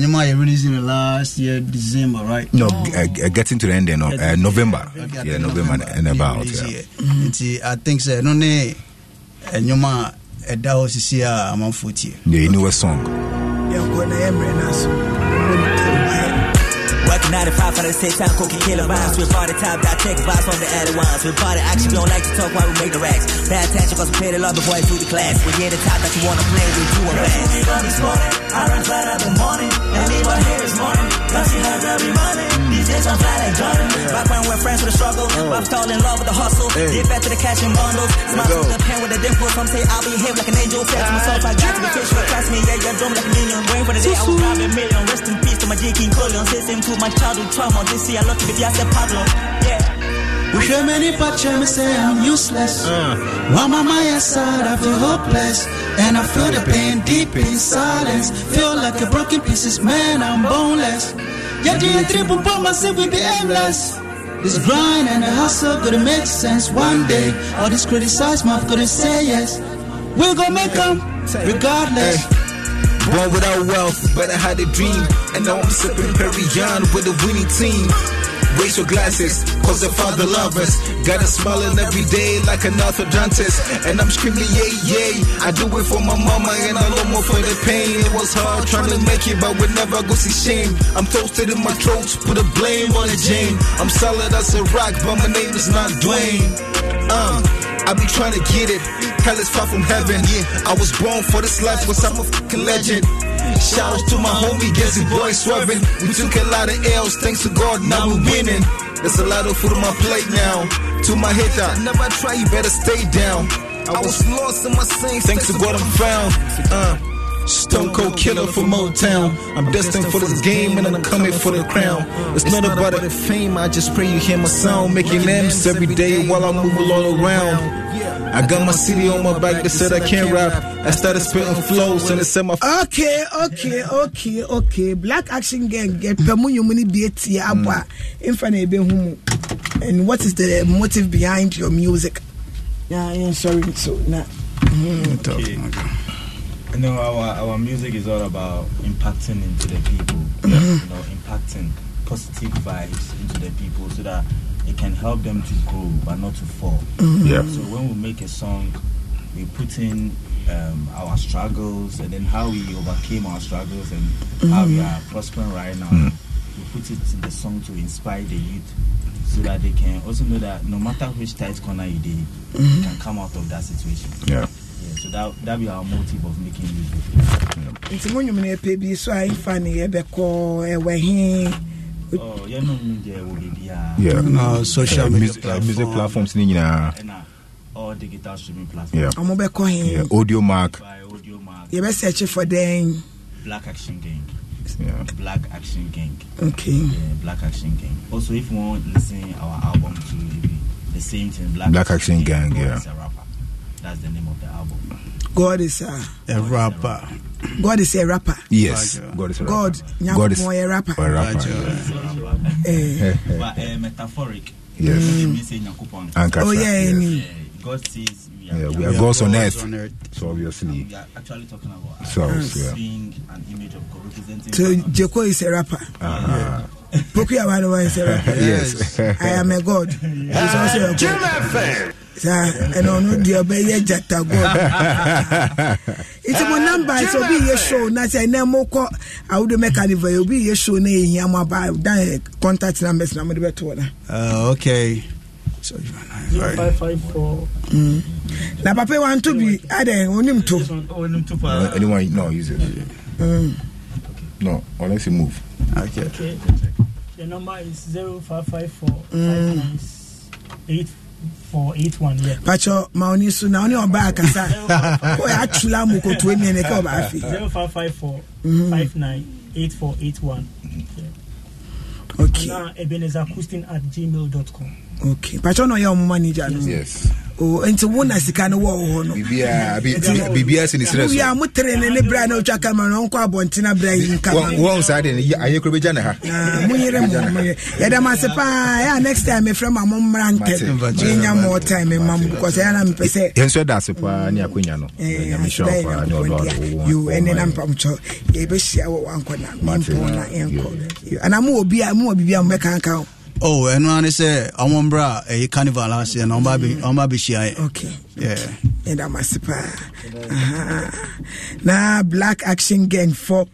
Enyima, you released in the last year, December, right? No, oh. uh, getting to the end, you know, uh, November. Yeah, yeah November, November and about. Yeah. mm I think so. No, ne, Enyima, Eda Hosisia, I'm on foot here. Yeah, you know a song. Yeah, I'm going to Emre Nassau. 95 out of 6, I'm cooking killer rhymes. With the top, I take vibes from the other ones. With the action, we don't like to talk while we make the racks. Bad attention, cause we pay the love the boys through the class. We get the top that you wanna play with, you a man. this morning, I run flat out the morning. And leave my hair this morning, cause she has every money. These days I'm flat like Jordan. Rock around with friends with a struggle. Mm. Uh. Rob stall in love with the hustle. Hey. Get back to the cash and bundles. Smile with the pen with the dimples. Some say I'll be here like an angel. Tell to ah, myself I got to be kiss, but trust me, yeah, you're drum like a million. Waiting for the day so I was robbing million. Rest in peace to my G King Cullion. System to my my childhood trauma. They a lot I Yeah. We hear many picture say I'm useless. Uh. While my mind I feel hopeless. And I feel the pain deep in silence. Feel like a broken pieces, man, I'm boneless. Yeah, do you triple bomb myself we be aimless? This grind and the hustle gonna make sense one day. All this criticize, mouth gonna say yes. We're gonna make them regardless. Hey. Born without wealth, but I had a dream. And now I'm sipping Perrion with a winning team. Raise your glasses, cause the father lovers. Got a smiling every day like an orthodontist. And I'm screaming, yay, yay. I do it for my mama and I love more for the pain. It was hard trying to make it, but we never go see shame. I'm toasted in my throat, put a blame on the Jane. I'm solid as a rock, but my name is not Dwayne. Uh, I be trying to get it. Hell is far from heaven. Yeah, I was born for this life, What's i I'm a fucking legend. Shout out to my homie, Gizzy Boy Swerving. We took a lot of L's, thanks to God, now we're winning. There's a lot of food on my plate now. To my hater, never try, you better stay down. I was lost in my sins, thanks to God I'm found. Uh. Stone Cold Killer from Motown. I'm destined for this game and I'm coming for the crown. It's not about the fame, I just pray you hear my sound. Making M's every day while I move all around. I got my CD on my back They said I can't rap. I started spitting flows and it said my. Okay, okay, okay, okay. Black Action Gang get Pamunyo Muni BT Abwa in front of Humu. And what is the motive behind your music? Yeah, I'm sorry. So, nah. Mm, okay know our, our music is all about impacting into the people, mm-hmm. you know, impacting positive vibes into the people so that it can help them to grow but not to fall. Mm-hmm. Yeah. So when we make a song, we put in um, our struggles and then how we overcame our struggles and mm-hmm. how we are prospering right now. Mm. We put it in the song to inspire the youth so that they can also know that no matter which tight corner you did, mm-hmm. you can come out of that situation. Yeah. so that that be our motive of making music. nti mo nyum na epe bi so ayi fa ne yɛ bɛ kɔ hin. ɔ oh, yɛn nom no deɛ wɔ biribiara. yeah na mm. ah, social uh, music platform music platforms ni nyinaa. ɛna uh, all digital streaming platforms. yeah ɔmo bɛ kɔ hin. yeah audio mark. audio mark. yɛ bɛ search for den. black action gang. Yeah. Black Action Gang. Okay. Yeah, Black Action Gang. Also, if you want to listen our album to the same thing, Black, Black Action, Action Gang, Gang yeah. That's the name of the album. God is a, a rapper. God is a rapper. Yes, God is a rapper. God, is a rapper. A rapper. Eh. but uh, metaphoric. Yes. Mm. Oh yeah, yes. yeah. God says we are, yeah, we gods on earth. on earth. So obviously, we are actually talking about So, yeah. Seeing an image of God representing. So Joko is a rapper. Uh-huh. Yeah. Pokuya is a rapper. *laughs* yes. I am a God. Yeah. *laughs* He's saa ɛna ɔno deɛ ɔbɛyɛ gyata god nti namba sɛ obi yɛ show na sɛ ɛnɛ mokɔ awodomɛ carnival obi yɛ show na yɛhia mo aba dan contact numbers na mode bɛto na okay so, right. five, mm. na papa wanto bi adɛn onim to uh, anyone no use it mm. no unless you move okay, okay. the number is 0554 mm. 8 four eight one yɛ. pàṣọ màá ní sùn náà ó ní ọba àkàtà ó yà á tula mu kò tó ẹni ẹni ká ọba àfi. zero five five four five nine eight four eight one. okay. ana uh, ebenezer kustin at gmail dot com okay pàtó náà yẹ ọmọ manager no. yes. Oh, nti wo na sika no wɔ hɔ no biribiaa sɛ ne serɛ soa motere ne ne berɛ a na ɔtwa kama no ɔnkɔ abɔntena berɛ yi nkamawahu saa deɛ no ayɛ koro bɛgya ne ha ah, moyere moyere yɛda ma ase paa ɛa next time mefrɛ ma mommra ntɛ yɛnya mɔ time ma m because ɛa na mepɛ sɛ yɛnso ɛda ase paa ne akonya no ɛne eh, ah, na mpa mkyɛ yɛbɛhyia wɔ wankɔ na mempɔ na ɛnkɔ anaa mowɔ biribi a mobɛkanka wo oh ɛno a ne sɛ ɔmo mbrɛ a ɛyɛ carnival ase no ɔma bɛhyia ɛ ɛdamase paa na black action gang fɔ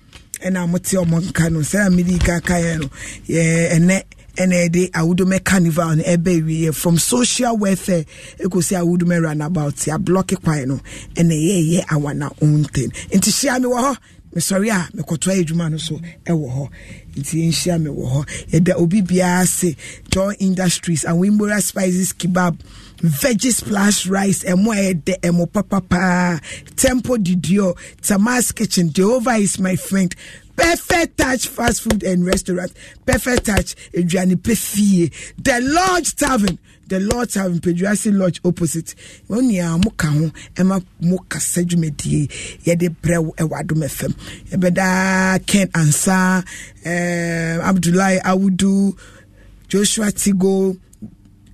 ɛna mote ɔmo nka no sɛna mede kakaeɛ no ɛnɛ ɛna yɛde awodome carnival no ɛbɛ wieɛ from social welfare ɛkɔsi e awodome runabout a block kwan no ɛna yɛyɛ awana own thing nti hyia me wɔ hɔ mesɔre a mekɔtoa adwuma no so ɛwɔ hɔ nti yɛnhyia me wɔ hɔ yɛda obi biara ase joy industries awimbora spices kebab veggie splash rice ɛmo a ɛdɛ ɛmo papa Temple tempo didio tamas kitchen deova is my friend perfect touch fast food and restaurant perfect touch aduane pefie the lodge tavern the lords have mpeduase lodge opposite wɔn nyinaa ah, mo ka ho ɛma mo kasa dwumadie yɛde brɛ ɛwɔ adum fm yɛbɛda ken ansa ɛɛ eh, abdullahi awudu joshua tigo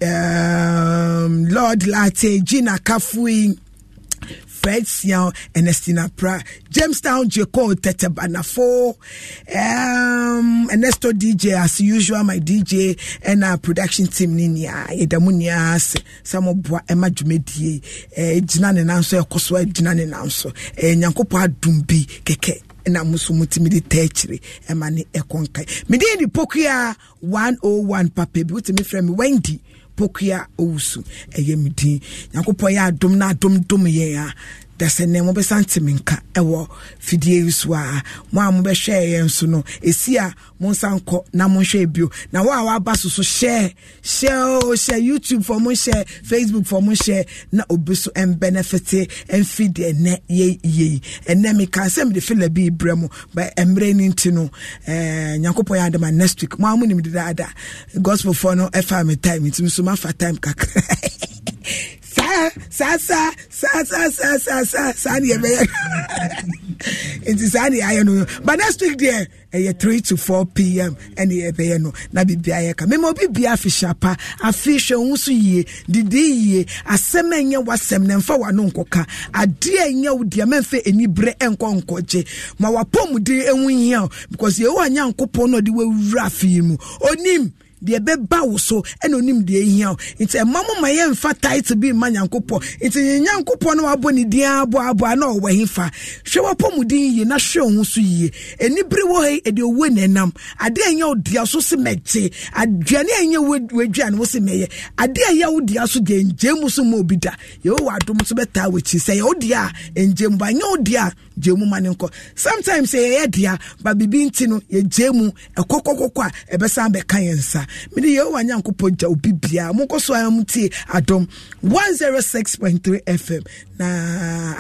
um, lord late gina kafui. Fred Siao, Ernestina Pra, Jamestown Jaco, Tete Banafo, um, Ernesto DJ, as usual, my DJ, and our production team, Ninia, Edamunias, Some Samobwa, Emma Jumedi, Jinan eh, and Koswa, Jinan and Answer, eh, and Yankopa Dumbi, Keke. na mo nso motumi de ta akyire ɛma ne ɛkɔ nkae mede nipoku a 101 papa bi wotumi frɛ me wendy pokua owusu ɛyɛ me din nyankopɔn yɛ adom na adom dom yɛn a da sɛ nnɛ mobɛsa ntimi nka ɛwɔ fidie yi so a mo a mobɛhwɛ yɛ nso no ɛsi a mo nsa nkɔ na monhwɛ bio na wo a woaba so so hyɛ hyɛ o hyɛ youtube for mo hyɛ facebook for mo hyɛ na obi so ɛmbɛnɛfete ɛmfi deɛ ɛnɛ yɛ yie ɛnɛ meka sɛ mede fila bi brɛ mu but mmerɛ no nti no eh, nyankopɔn yɛ adama next week mo a monim dedaada gospelfoɔ no ɛfa me time nti so mafa time kakra *laughs* saa saa saa saa saa saa saa saa saa deɛ bɛyɛ nti saa deɛ ayɛ but next week deɛ ɛyɛ three to four pm ɛne ɛbɛyɛ no na biribi ayɛ ka mɛma obi bia afihyɛ pa afei hwɛ wo so yie didi yie asɛm a ɛnyɛ wasɛm na mfa wano nkɔka adeɛ a ɛnyɛ wo deɛ mɛmfa aniberɛ ɛnkɔ nkɔgye ma wapɔmuden ɛho yia o because yɛwɔ anyankopɔn na we wawura afei mu onim deɛ ɛbɛba wo so ɛna onim deɛ ehia o nti ɛma mo ma yɛ nfa title bi ma nyankopɔ nti nyankopɔ no wabɔ ne din abɔ abɔ ana ɔwɔ ɛhin fa hwɛ wapɔ mu din yie na hwɛ ohun so yie enibiri wɔ ha ɛde owó na adeɛ ɛnyɛ o so si mɛgye aduane ɛnyɛ wɛdua no si mɛyɛ adeɛ ɛyɛ o so deɛ ngye so ma obi da yɛ wɔ adum so bɛtaa wɔ akyi sɛ yɛ o dua ngye mu ba ma ne nkɔ sometimes yɛ yɛ dua ba bibi nti no yɛ gye mu ɛkɔkɔkɔkɔ a ɛbɛsan bɛka yɛn nsa mede yehowa nyankopɔn gya obi biaa monkɔ so a mutie adɔm 106.3 fm na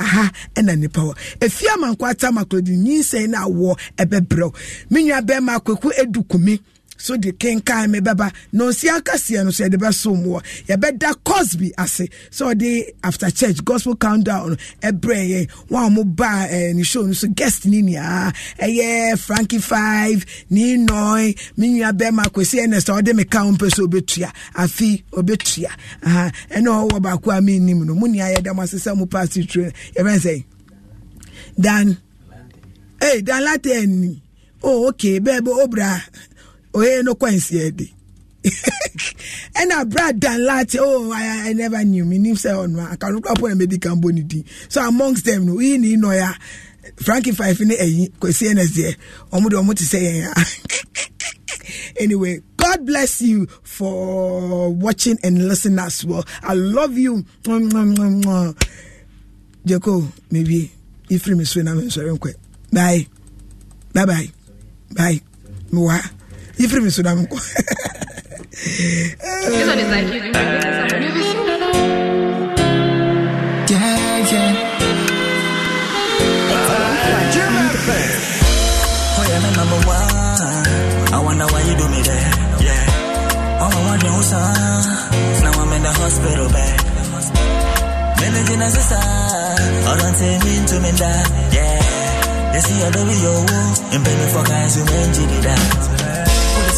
aha ɛna nipa hɔ ɛfie amanko ata makorodi nyinsɛn no awɔ ɛbɛbrɛw me nua bɛma akwaku ɛdu kumi so de kenkan me bɛba na ɔsi akaseɛ no so yɛde bɛsom wɔ yɛbɛda cosby ase So ɔde after church gospel countdown no ɛbrɛ yɛn wɔn a wɔn ba ɛɛ e, ne show no so guest ni nyinaa ah. e ɛyɛ frankie five ne noi me nua bɛrima kwesi ernest a ɔde me ka ho mpɛ so obetua afi obetua ɛna ɔwɔ e baako a mi nim no mu nyinaa yɛda mo asesa mo paasi turo yɛbɛn sɛ dan ɛɛ dan latɛ ni oh okay bɛɛ bɛ obra oye no coins yɛ de ɛna eh, *laughs* brad dan lati oh I, I never knew me nim sɛ ɔno a akanokura pɔ na mɛ di kan bɔ ne so amongst them no yi ni nɔya frankie five ne ɛyi kwesi ɛnɛs deɛ eh. ɔmo de ɔmo ti sɛ yɛn ya. *laughs* anyway god bless you for watching and listening as well i love you jeko maybe if mi miss na mi nsɔre nkɔ bye bye bye bye mi wa. ifiri mi so Yeah, oh, number one. I wonder why you do me that, yeah. All oh, I want is son. Now I'm in the hospital bed. Managing I don't take me to me that, yeah. They see I your woo. Oh. And baby, fuck, I assume you did that.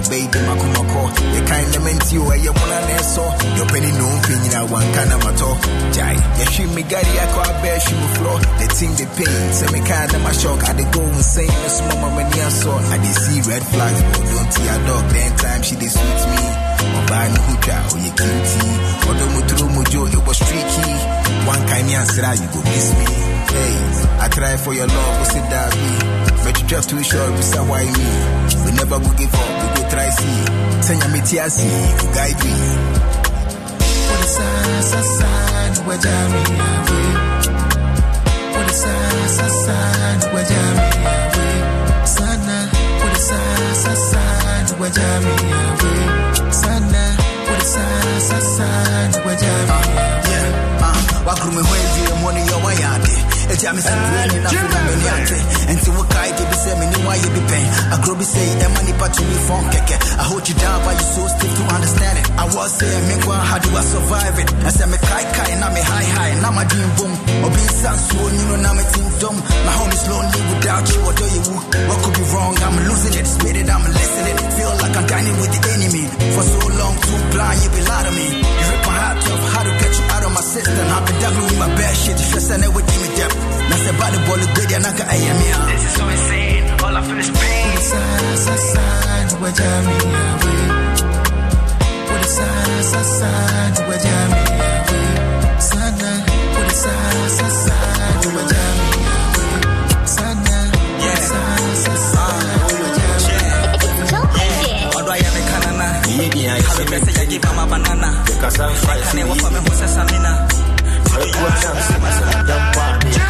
obey the Makumako, the kind lament you are your one so your penny no thing in one kind of matter. Jai, me Migari, I call bear shimu floor, the thing they pay, semi kind of my shock, I they go insane, a small mama near so I they see red flags, but don't see a dog, then time she they suit me. Ọbaa ni hutwa oyè kinti, ọdọ mu duro mu jo, it was tricky. One kind answer, ah, you go miss me. Hey, I cry for your love, but sit down me. But you just too short, we say why me. We never will give up, we go try see. Send me tears, you guide me. What is a sun, we're jamming away. What is a sign, we're jamming away. Sana, what is a sun, we're jamming away. Sana, what is a sun, we're jamming away. Yeah, uh, wakrume hwevi, mwani a jam is And guy why you be I grow be say and money but to me keke. I hold you down but you so stiff to understand it. I was saying me how do I survive it? I said me kai kai na me high high na my dream boom. Or be you know me team dumb. My home is lonely without you what do you What could be wrong? I'm losing it. Spit it, I'm listening. Feel like I'm dining with the enemy. For so long too blind you be lying to me. You rip my heart off how to get you out of my system. I've been dealing with my bad shit. Just and it with give me depth body ball good, I This is so insane. All I feel is pain. Put signs, signs, we're jamming we're jamming away. put signs, signs, we're jamming we're jamming away. Although I am a canana, have a message I give him a banana. I can't wait me, a I'm a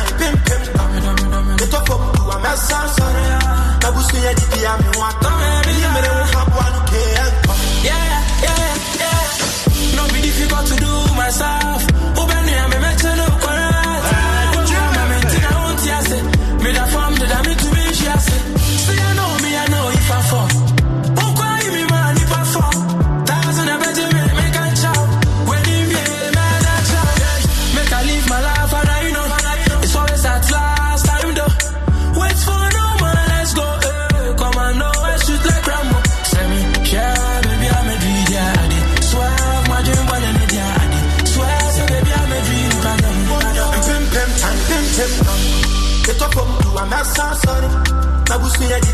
lady, I'm one. me a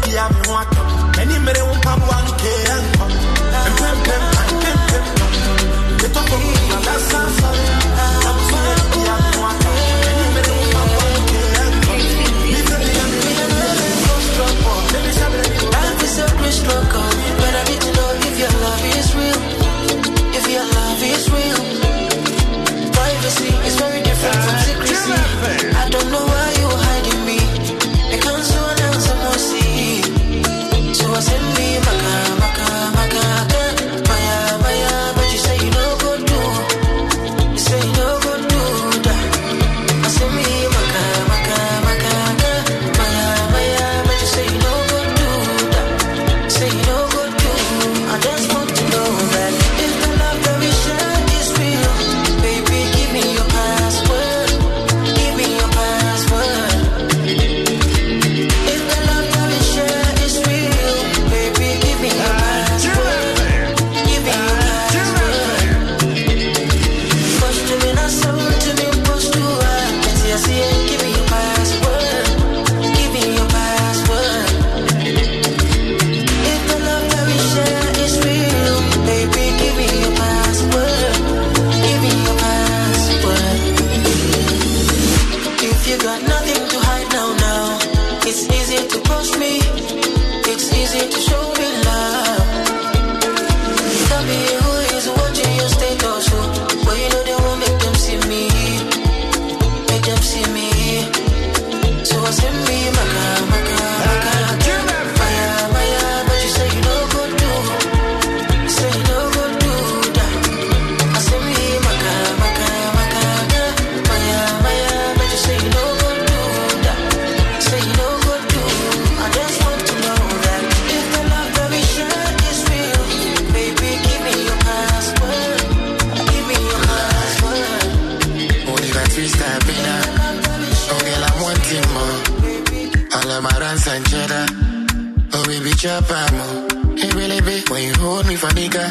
me for nigga.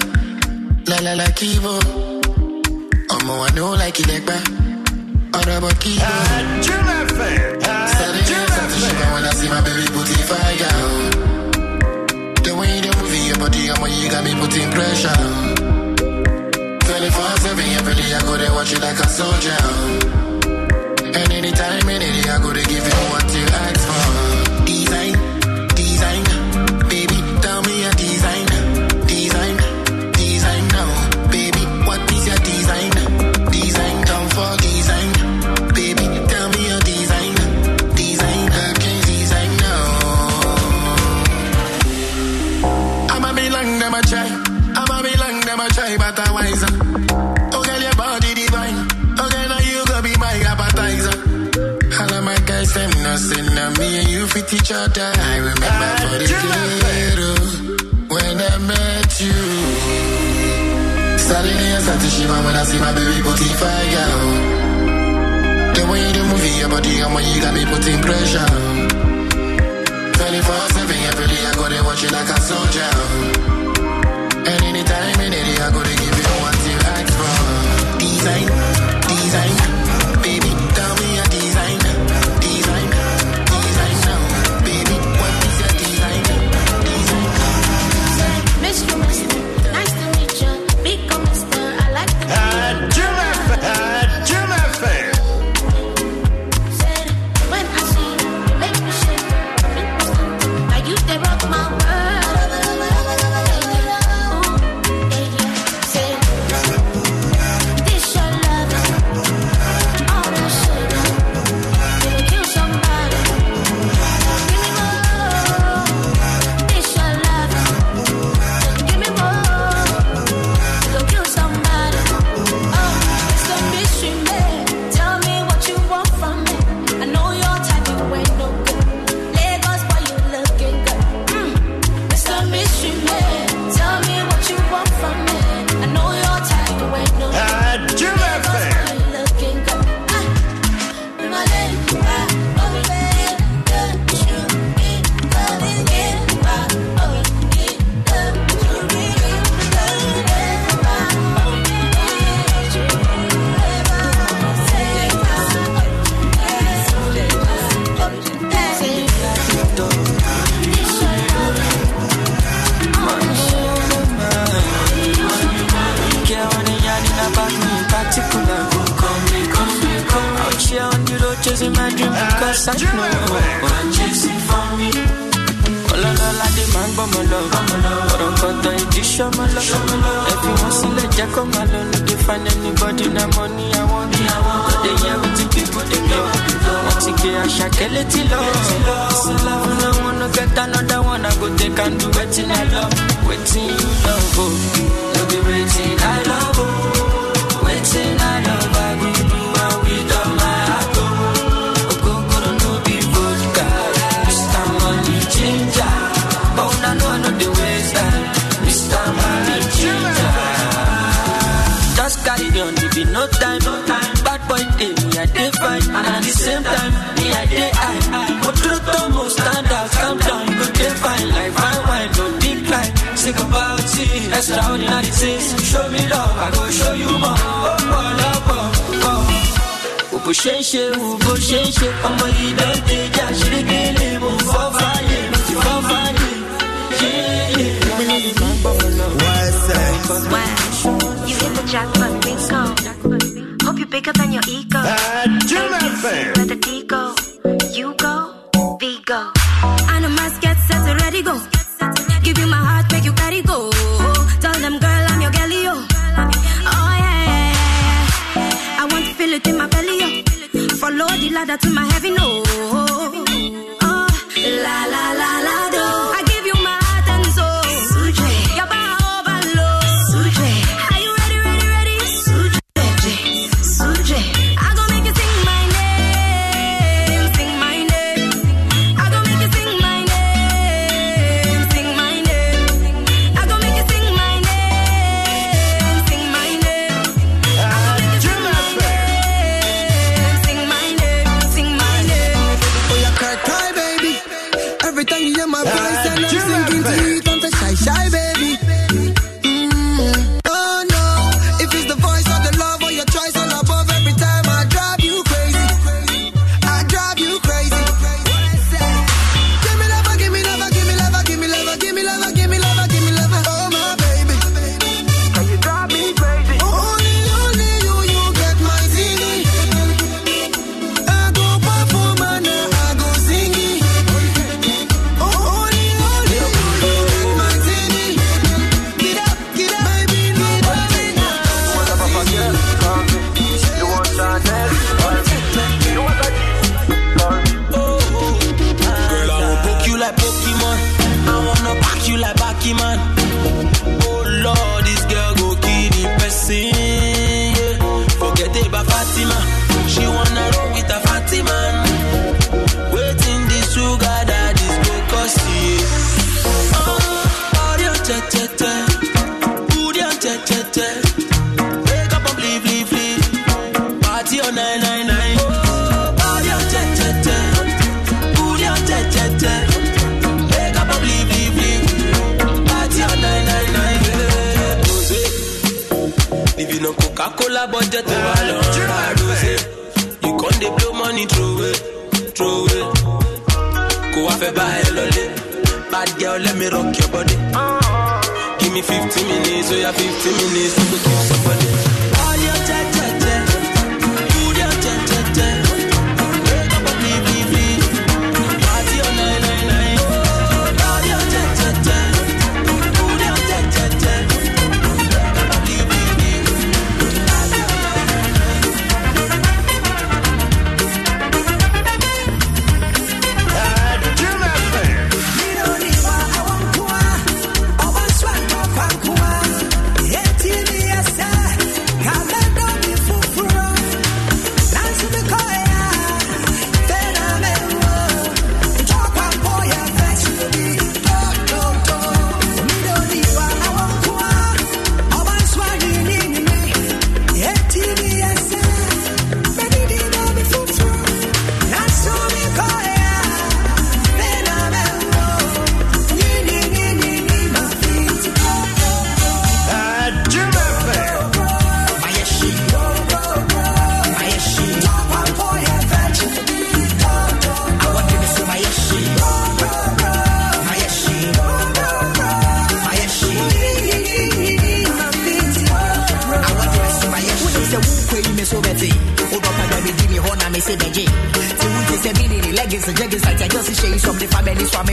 La la la kivo. Omo I know like it like Honorable kivo. see my baby put in fire. Oh. The way you move your body, Omo you got me putting pressure. 24-7, every day I go there watch it like a soldier. Oh. And anytime, any day I go to give. go. I know my get set to ready go. Give you my heart, make you carry go. Tell them, girl, I'm your galley, yo. Oh yeah, I want to feel it in my belly, yo. Follow the ladder to my heaven, oh.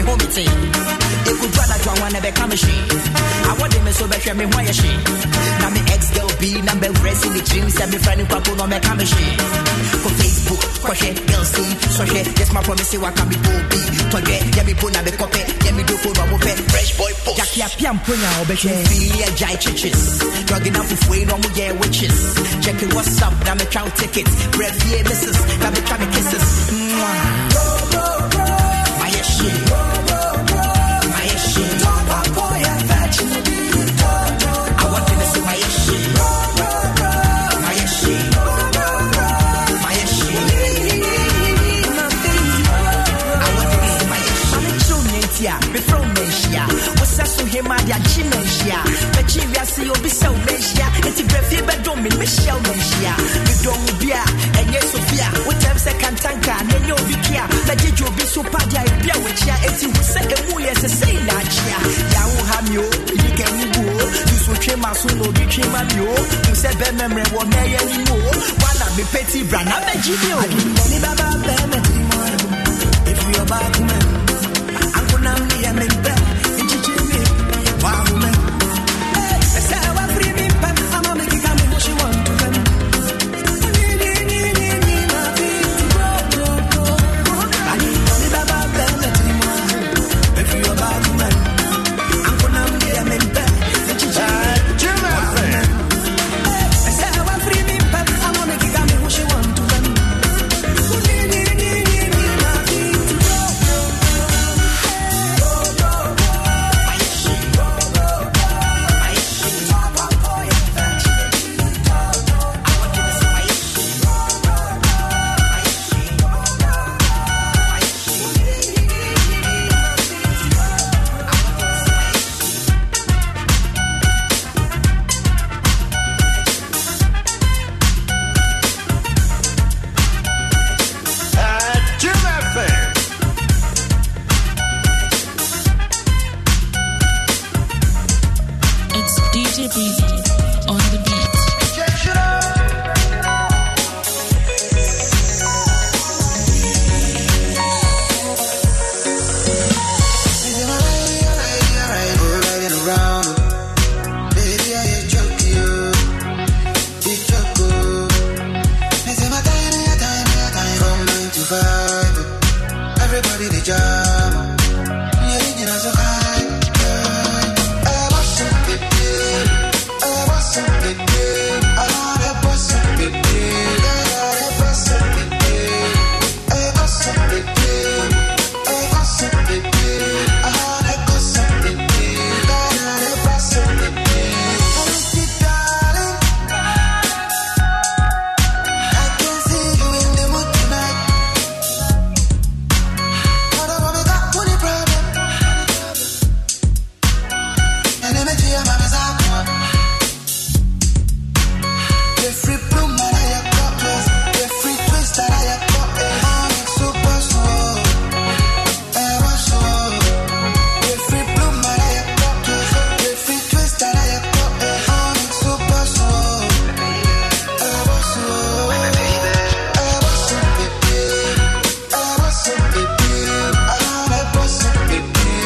home it. If we try that one, become a she. I want them so bad, me why she. Now me ex girl be number rest in the dreams, and me friend in Paco, no me come she. Go Facebook, question, girl see, so she, yes, my promise, you can be booby. Today, get me put on the copy, yeah, me do for a pet. fresh boy post. Jackie, I am putting out, but you feel a jai. chiches. Drug enough with way, no more, yeah, witches. Check it, what's up, now me count tickets. Breath, yeah, misses, now me try me kisses. Mwah. dia chimesia mechi wiase obi sɛ wo mehyia nti brɛfie bɛdom me mehyia wo mehyia medɔ wo bi a ɛnyɛ sofia wotɛm sɛ kantanka na ɛnyɛ obi kia mɛgye gye obi so pa de a ɛbi a wakyia ɛti wo sɛ ɛmu yɛ sɛ sɛi naakyea yawo ha me o yika ni bu o nso twe ma so na obi twe ma me o hu sɛ bɛmɛ mmerɛ wɔ na ɛyɛ ni mu o wana mepɛti bra na mɛgye me o Money baba, baby, if you're back, man, I'm gonna be a man.